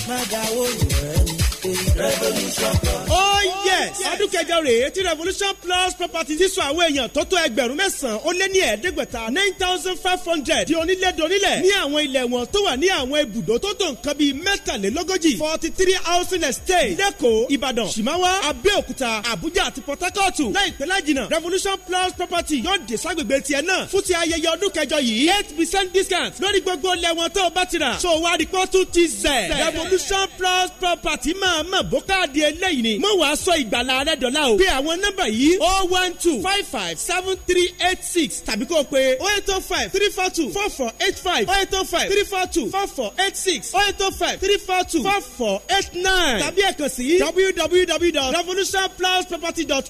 Speaker 7: má dáwọ́
Speaker 10: revolution
Speaker 5: plus. oh
Speaker 7: yes ọdún kẹjọ rèé
Speaker 1: tí revolution plus property ti sọ àwọn èèyàn tó tó ẹgbẹ̀rún mẹ́sàn-án ó lé ní ẹ̀ẹ́dẹ́gbẹ̀ta nine thousand five hundred di onílẹ̀dọ́nílẹ̀ ní àwọn ilẹ̀ wọn tó wà ní àwọn ibùdó tó tó nǹkan bíi
Speaker 7: mẹ́tàlélógójì
Speaker 1: forty three housing estate lẹ́kọ̀ọ́ ìbàdàn ṣìmáwá abẹ́òkúta àbújá àti port harcourt two láìpẹ́ lájìnà revolution plus property yóò dé ságbègbè tiẹ̀ náà fún ti ayẹyẹ ọdún kẹjọ yìí eight percent discount lórí gbogbo lẹ́wọ̀n tó o bá ti rà so wá rìpọ́tù ti zẹ̀
Speaker 7: revolution plus property máa mọ̀ bó káàdì eléyìí ni mo wàá sọ ìgbàlá rẹ dọ̀la o pé àwọn
Speaker 1: nọ́mbà yìí oh one two five five seven three eight six tàbí kó o pe oh eight oh five three four two four four eight five oh eight oh five three four two four four eight six oh eight oh five three four two four four eight nine tàbí ẹ̀kan sí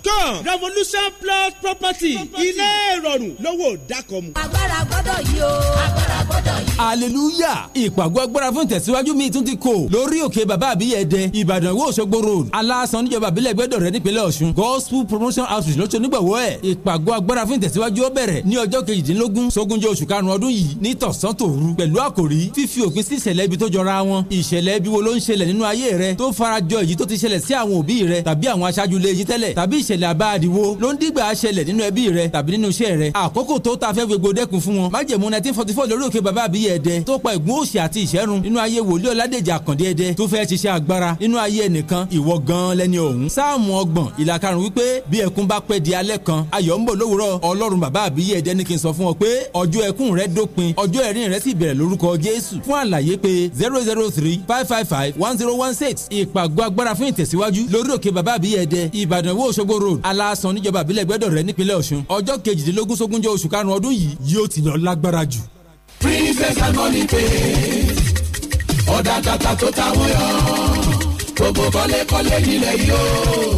Speaker 1: Com revolution plus property ilé ìrọ̀rùn lówó dákọ̀mù.
Speaker 8: agbára
Speaker 6: gbọ́dọ̀ yí o. agbára
Speaker 4: gbọ́dọ̀ yìí. aleluya ìpàgọ́ agbára fún ìtẹ̀síwájú mi tún ti kò lórí òkè bàbá àbíyẹ̀dẹ ìbàdàn wo òṣogbo road alásan níjọba àbílẹ̀ gbẹ́dọ̀ rẹ nípínlẹ̀ ọ̀ṣun gospel promotion outreach lọ́sọ̀ nígbàwọ́ ẹ̀ ìpàgọ́ agbára fún ìtẹ̀síwájú ó bẹ̀rẹ̀ ní ọjọ́ kejìdínlógún sógúnjọ́ oṣù karùn-ún ọdún yìí ní tọ̀sán tòru pẹ̀lú àkòrí fífi òpin sí ìṣẹ̀lẹ̀ ibi tó jọra wọn ìṣẹ̀lẹ̀ ibi wo ló ń ṣẹlẹ̀ nínú ayé rẹ tó farajọ èyí tó ti ṣẹlẹ̀ sí àwọn òbí rẹ tàbí àwọn aṣáájú ilé yín tẹ́lẹ̀ tàbí ìṣẹ̀lẹ̀ àbáàdìwo ló ń dìgbà ṣẹlẹ̀ nínú ẹbí rẹ tàbí nínú iṣẹ́ rẹ àkókò tó ta fẹ́ gbogbo dẹ́kun fún wọn májẹ̀mú 1944 lórí òk aláké baba àbíyẹ ẹ̀dẹ tó pa ìgún òsì àti ìṣẹ́run nínú ayé wòlíì ọ̀làdèjì àkàndé ẹ̀dẹ tó fẹ́ ṣiṣẹ́ agbára nínú ayé ẹnìkan ìwọ gan lẹ́ni ọ̀hún. sáàmù ọgbọ̀n ìlàkarùn wípé bí ẹkún bá pẹ́ di alẹ́ kan ayọ̀ ń bọ̀ lówùrọ̀ ọlọ́run baba àbíyẹ ẹ̀dẹ ní kí n sọ fún ọ pé ọjọ́ ẹkún rẹ dópin ọjọ́ ẹ̀rín rẹ sì bẹ̀rẹ̀ lórúkọ jésù fún àlàyé pé zero zero three five five five one zero one six ìpàgọ́ agbára fún ìtẹ̀síwájú lórí òkè baba àbíyẹ ẹ̀dẹ ìbàdàn ìwó òṣogbo road aláàsán níjọba àbílẹ̀ gbẹ́dọ̀ rẹ nípínlẹ̀ ọ̀ṣun ọjọ́ kejìdínlógún sógúnjọ́ oṣù karùn-ún ọdún yìí yóò ti lọ lágbára jù princess and money pay ọ̀dà tata tó
Speaker 7: táwọn yọ gbogbo kọ́lékọ́lé nílẹ̀ yìí o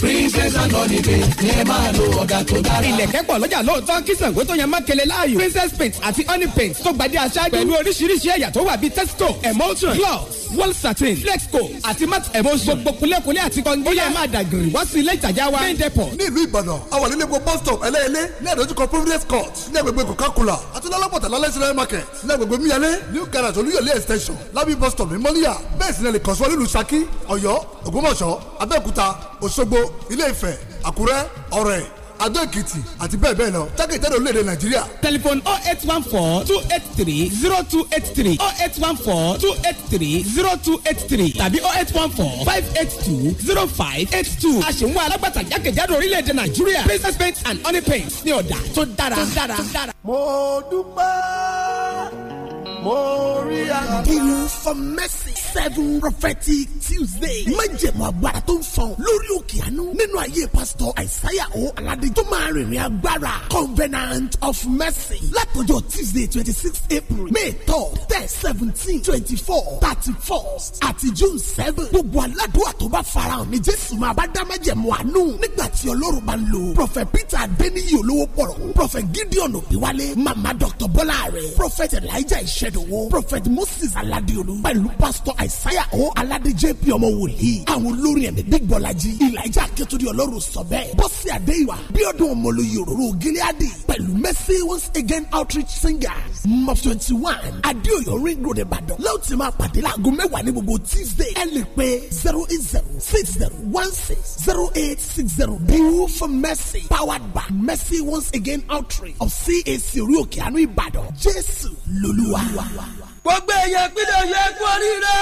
Speaker 7: princess and money pay ni ẹ máa lo ọ̀dà tó dára. ilẹ̀kẹ̀ pọ̀ lọ́jà lóòótọ́ kí Ṣàngó tó yan mákele láàyò princess paint àti honey paint tó gbadé aṣáájú pẹ̀lú oríṣiríṣi ẹ̀yà tó wà bíi testo emulsion gloss wall satin flexco àti max emotion hmm. gbogbo kulekule àti kọ́ngíyà ó yẹ máa dàgìrì wá sí ilé ìtajà wa main depot. ní ìlú ìbàdàn àwọn ilé epo bus stop ẹlẹ́yẹlé ní àdójúkọ providence court ní agbègbè coca-cola àti lọ́lọ́pọ̀tà lálẹ́sẹ̀rẹ́ market ní agbègbè miyalé new garage olúyọ̀lé extension lábí bus stop ní mọ́níyà
Speaker 14: bẹ́ẹ̀ sì ni lè kàn sí wọn nílùú saki ọ̀yọ́ ògbómọ̀ṣọ́ abẹ́òkúta òṣogbo ilé ifẹ̀ àkúrẹ́ ọ̀rẹ́ adó èkìtì àti bẹ́ẹ̀ bẹ́ẹ̀ lọ jákèjádò orílẹ̀-èdè nàìjíríà. tẹlifon
Speaker 4: oh eight one four two eight three zero two eight three oh eight one four two eight three zero two eight three tàbí oh eight one four five eight two zero five eight two. a ṣe ń wá alágbàtà
Speaker 1: jákèjádò orílẹ̀-èdè nàìjíríà princess paint and honey paint ní ọ̀dà tó dára.
Speaker 7: mo dúpẹ́ mo rí àná. Healing for mercy seven prophetic Tuesday. Májẹ̀mú agbára tó ń fọ̀n lórí òkè àánú nínú ayé pásítọ̀ Àìsáyà O Aládé tó máa rìnrìn agbára Covenant of Mercy látọjọ́ Tuesday twenty six April May third ten seventeen twenty four thirty
Speaker 1: first àti June seven. Gbogbo aládùúgbò tó bá farahàn ní Jésù máa bá dá májẹ̀mú àánú nígbà tí Ọlọ́run bá ń lò. Prọfẹ̀ Peter Adéníyí olówó pọ̀rọ̀. Prọfẹ̀ Gideon Òbíwálé.
Speaker 7: Màmá Dr. Bọ́lá rẹ̀. Prọfẹ̀ Elijah Ìṣẹ́ ìṣẹ̀dọ̀wọ́ prophet moses aládéolú pẹ̀lú pastor
Speaker 1: isaiah o aládé jp ọmọ wòlíì àwọn olórin ẹ̀mí big bọ́lájí ìlàjà akẹ́tùdí ọlọ́run sọ bẹ́ẹ̀ bọ́sì adéyíwá bíọ́dún ọmọlóye òróró gíláàdì pẹ̀lú mercy once again
Speaker 7: outreach singers mop twenty one adéoyọ ring road ìbàdàn lẹ́yìn tí máa pàdé láago mẹ́wàá ní gbogbo tuesday ẹ lè pe zero eight zero six zero one six zero eight six zero bill for mercy powered by mercy once again outreach of cac orí òkè àánú ìbàdàn jésù lolúwa. Wow. kó gbé yẹn pínlẹ̀ yẹn kú oríire.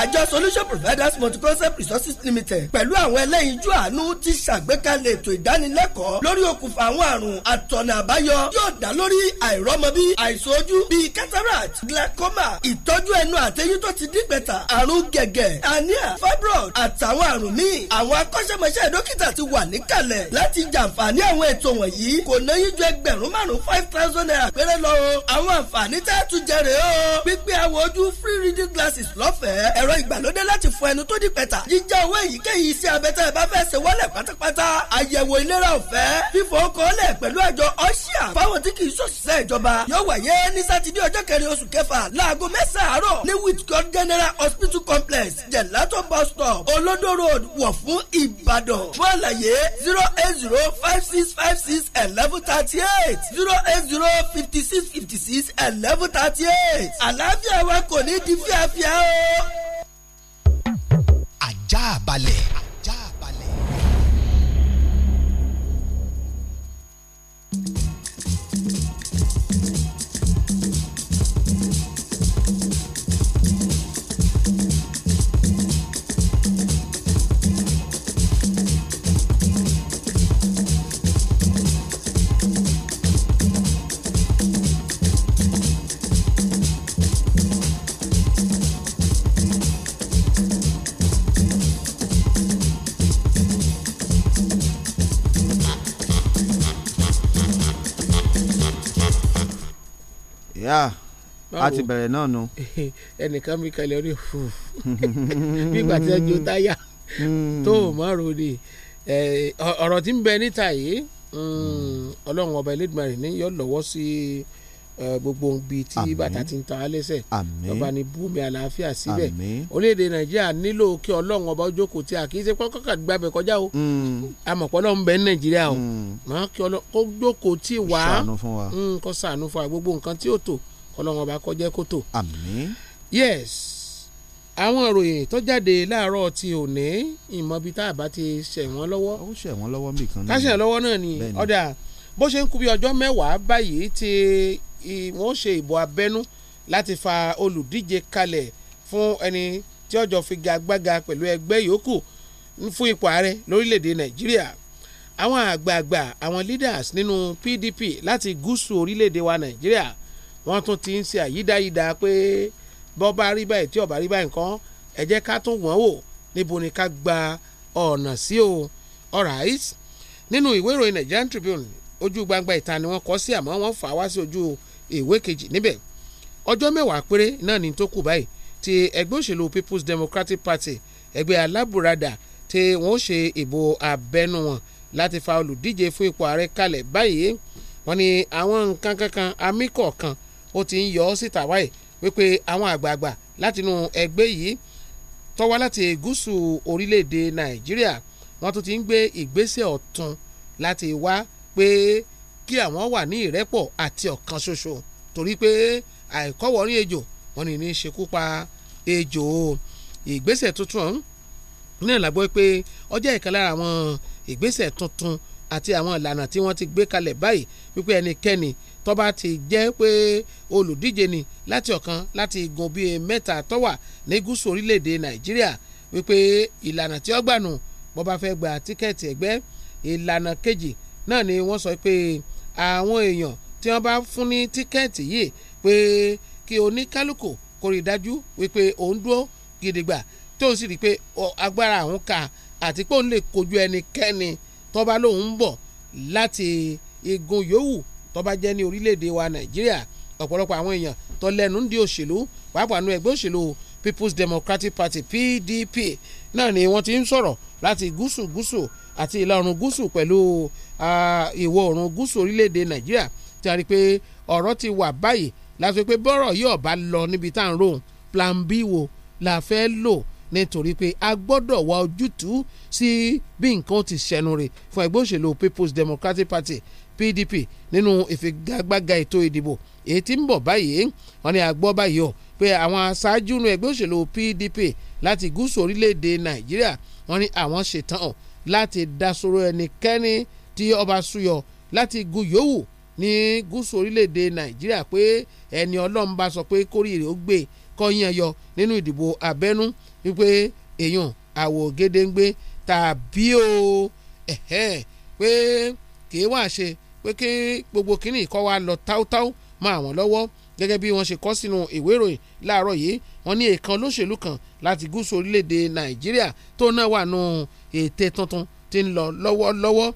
Speaker 7: àjọ solution providers multi-concept resources limited pẹ̀lú àwọn ẹlẹ́yinjú àánú ti ṣàgbékalẹ̀ ètò ìdánilẹ́kọ̀ọ́ lórí okùnfà àwọn àrùn àtọ̀nà àbáyọ yóò dá lórí àìrọ́mọbí àìsàn ojú bíi cataract glaucoma ìtọ́jú ẹnu àtẹyín tó ti dígbẹ̀ta àrùn gẹ̀gẹ̀ Ania, fibroid àtàwọn àrùn míì àwọn akọ́ṣẹ́mọṣẹ́ dókítà ti wà níkàlẹ̀ láti jàǹfààní àwọn ètò wọ̀nyí kò náyí ju ẹgbẹ̀rún márùn-ún five thousand naira péré lọ o àwọn àǹfààní tẹ́ẹ̀tù jẹrè o pé àwọ̀ ojú free reading glasses lọ́fẹ̀ẹ́ ẹ̀rọ ìgbàlódé láti fọ ẹnu tó di pẹ̀tà jíjá owó èyíkéyìí iṣẹ́ abẹ́tẹ́ ẹ bá fẹ́ ṣe wọlé pátápátá àyẹ̀wò ìlera ọ̀fẹ́ fífọ okòólẹ̀ pẹ̀lú àjọ ọ́ṣíà fáwọn tí kì í ṣòṣìṣẹ́ ìjọba yóò wáyé ní sátidé ọjọ́ kẹrin oṣù kẹfà láago mẹ́sàn-án àárọ̀ ní Whitcourt General Hospital Complex Jelato bus stop Olodo Road wọ̀ fún Ìbàdàn fún àlàyé zero eight zero five six five six eleven thirty eight zero eight zero fifty six fifty six eleven thirty eight àlá àlàáfíà wa kò ní di fíafíà o.
Speaker 5: ajá balẹ̀.
Speaker 14: yá ah, a ti bẹ̀rẹ̀ náà nu.
Speaker 15: ẹnìkan mi kalẹ̀ ó ní fùf nígbà tí ẹ jó táyà hmm. tó o mọ̀ ọ́ ni ọ̀rọ̀ tí ń bẹ níta yìí hmm, hmm. ọlọ́run ọba Elédùmarè ní yọ lọ́wọ́ sí i gbogbo ohun bíi tí bàtà ti ń tan alẹ́sẹ̀ ọba ní bùnmi àlàáfíà síbẹ̀ orílẹ̀-èdè nàìjíríà nílò kí ọlọ́run ọba ojókòó tí a kì í ṣe pọ́n kọ́kà gbàgbẹ́ kọjá o
Speaker 8: hmm.
Speaker 15: amọ̀pọ̀ náà ń bẹ ní nàìjíríà o màá hmm. kí ọlọ́kọ́ jókòó tí wà á hmm, kó ṣàánú fún wa gbogbo nǹkan tí ó tò ọlọ́run ọba kó kó tò. yes àwọn ìròyìn tó jáde láàárọ̀ ti òní ìmọ̀bi tá a bá ti ṣẹ̀wọ́n lọ́wọ́ ó bó ṣe ń kú bí ọjọ́ mẹ́wàá báyìí ti wọ́n ṣe ìbò abẹ́nú láti fa olùdíje kalẹ̀ fún ẹni tí ọjọ́ figagbága pẹ̀lú ẹgbẹ́ yòókù fún ipò ààrẹ lórílẹ̀‐èdè nàìjíríà àwọn àgbààgbà àwọn leaders nínú PDP láti gúúsù orílẹ̀‐èdè wa nàìjíríà wọ́n tún ti ń ṣe àyídáyídá pé bọ́ rí báyìí tí ọ̀bá rí báyìí nǹkan ẹ jẹ́ ká tún wọ́n wò níbo ni ká gba ọ̀nà sí o alright nínú ìwé ìròyìn Nigerian Tribune ojú gbangba ìta ni wọ́n kọ sí àmọ́ wọ́n fà wá sí ojú o ìwé kejì níbẹ̀ ọjọ́ mẹ́wàá péré náà ni tó kù báyìí ti ẹgbẹ́ òṣèlú People's Democratic Party ẹgbẹ́ alábùradà tí wọ́n ṣe ìbò abẹ́nú wọn láti fa olùdíje fún ipò ààrẹ kalẹ̀ báyìí wọ́n ní àwọn nǹkan kankan amíkọ̀ kan ó ti ń yọ ọ́ síta wáyé wípé àwọn àgbààgbà látinú ẹgbẹ́ yìí tó wá láti gúúsù orílẹ̀-èdè Nàìjíríà wọ́n tún ti ń gbé ìgbésẹ̀ ọ̀tun láti wá pé kí àwọn wà ní ìrẹ́pọ̀ àti ọ̀kan ṣoṣo torí pé àìkọ́wọ́rín ejò wọn ni ní ṣekú pa ejò ìgbésẹ̀ tuntun ọ̀hún náà la gbọ́ pé ọjọ́ ìkan lára àwọn ìgbésẹ̀ tuntun àti àwọn ìlànà tí wọ́n ti gbé kalẹ̀ báyìí wípé ẹnikẹ́ni tó ti jẹ́ pé olùdíje ni láti ọ̀kan láti igun bíi mẹ́ta tó wà ní gúúsù orílẹ̀-èdè nàìjíríà wípé ìlànà tí ó gbànú bó fẹ́ gba tíkẹ́ẹ̀tì ẹgbẹ́ ìlànà kejì náà ni wọ́n sọ pé àwọn èèyàn tí wọ́n bá fún ní tíkẹ́ẹ̀tì yìí pé kí oníkálukú kò rí dájú wípé òun dúró gidigba tó sì rí i pé agbára òun ka àti pé òun lè kojú ẹnikẹ́ni tó lòun ń bọ̀ láti igun yòówù tó jẹ́ ní orílẹ̀-èdè wa nàìjíríà ọ̀pọ̀lọpọ̀ àwọn èèyàn tó lẹ́nu ń di òṣèlú pàápàá nu ẹgbẹ́ òṣèlú People's Democratic Party PDP náà ni wọ́n ti ń sọ̀rọ̀ láti gúúsù gúúsù àti ìlà oòrùn gúúsù pẹ̀lú ìwọ̀ oòrùn gúúsù orílẹ̀-èdè nàìjíríà tí a rí i pé ọ̀rọ̀ ti wà báyìí láti pé bọ́rọ̀ yóò bá lọ níbi tá à ń rohùn plan b wo la fẹ́ lò nítorí pé a gbọ́dọ̀ wá ojútùú sí bí nǹkan ti ṣẹnu rè fún ẹgbẹ́ òṣèlú People's Democratic Party PDP nínú ìfigagbága ètò ìdìbò èyí tí ń bọ̀ báyìí wọ́n ní a gbọ́ báyìí o pé àwọn aṣáájú nu ẹgbẹ́ òṣèlú PDP láti gúúsù orílẹ̀-èdè Nàìjíríà wọ́n ní àwọn ṣetán láti dasoro ẹnikẹ́ni tí ọba suyọ láti gun yòówù ní gúúsù orílẹ̀-èdè nàìjíríà pé ẹni ọlọ́run bá sọ pé kórìíre ó gbé kọ́yìn ẹ̀yọ nínú ìdìbò abẹ́nú wípé èèyàn àwò gédéǹgbé tàbí o pé kì í wá ṣe pé kí gbogbo kínní kọ́ wa lọ táútáú mọ́ àwọn lọ́wọ́ gẹ́gẹ́ bí wọ́n ṣe kọ sínú ìwé ìròyìn láàárọ̀ yìí wọ́n ní èèkan olóṣèlú kan láti gúúsù orílẹ̀-èdè nàìjíríà tó náà wà nù ète tuntun tí ń lọ lọ́wọ́lọ́wọ́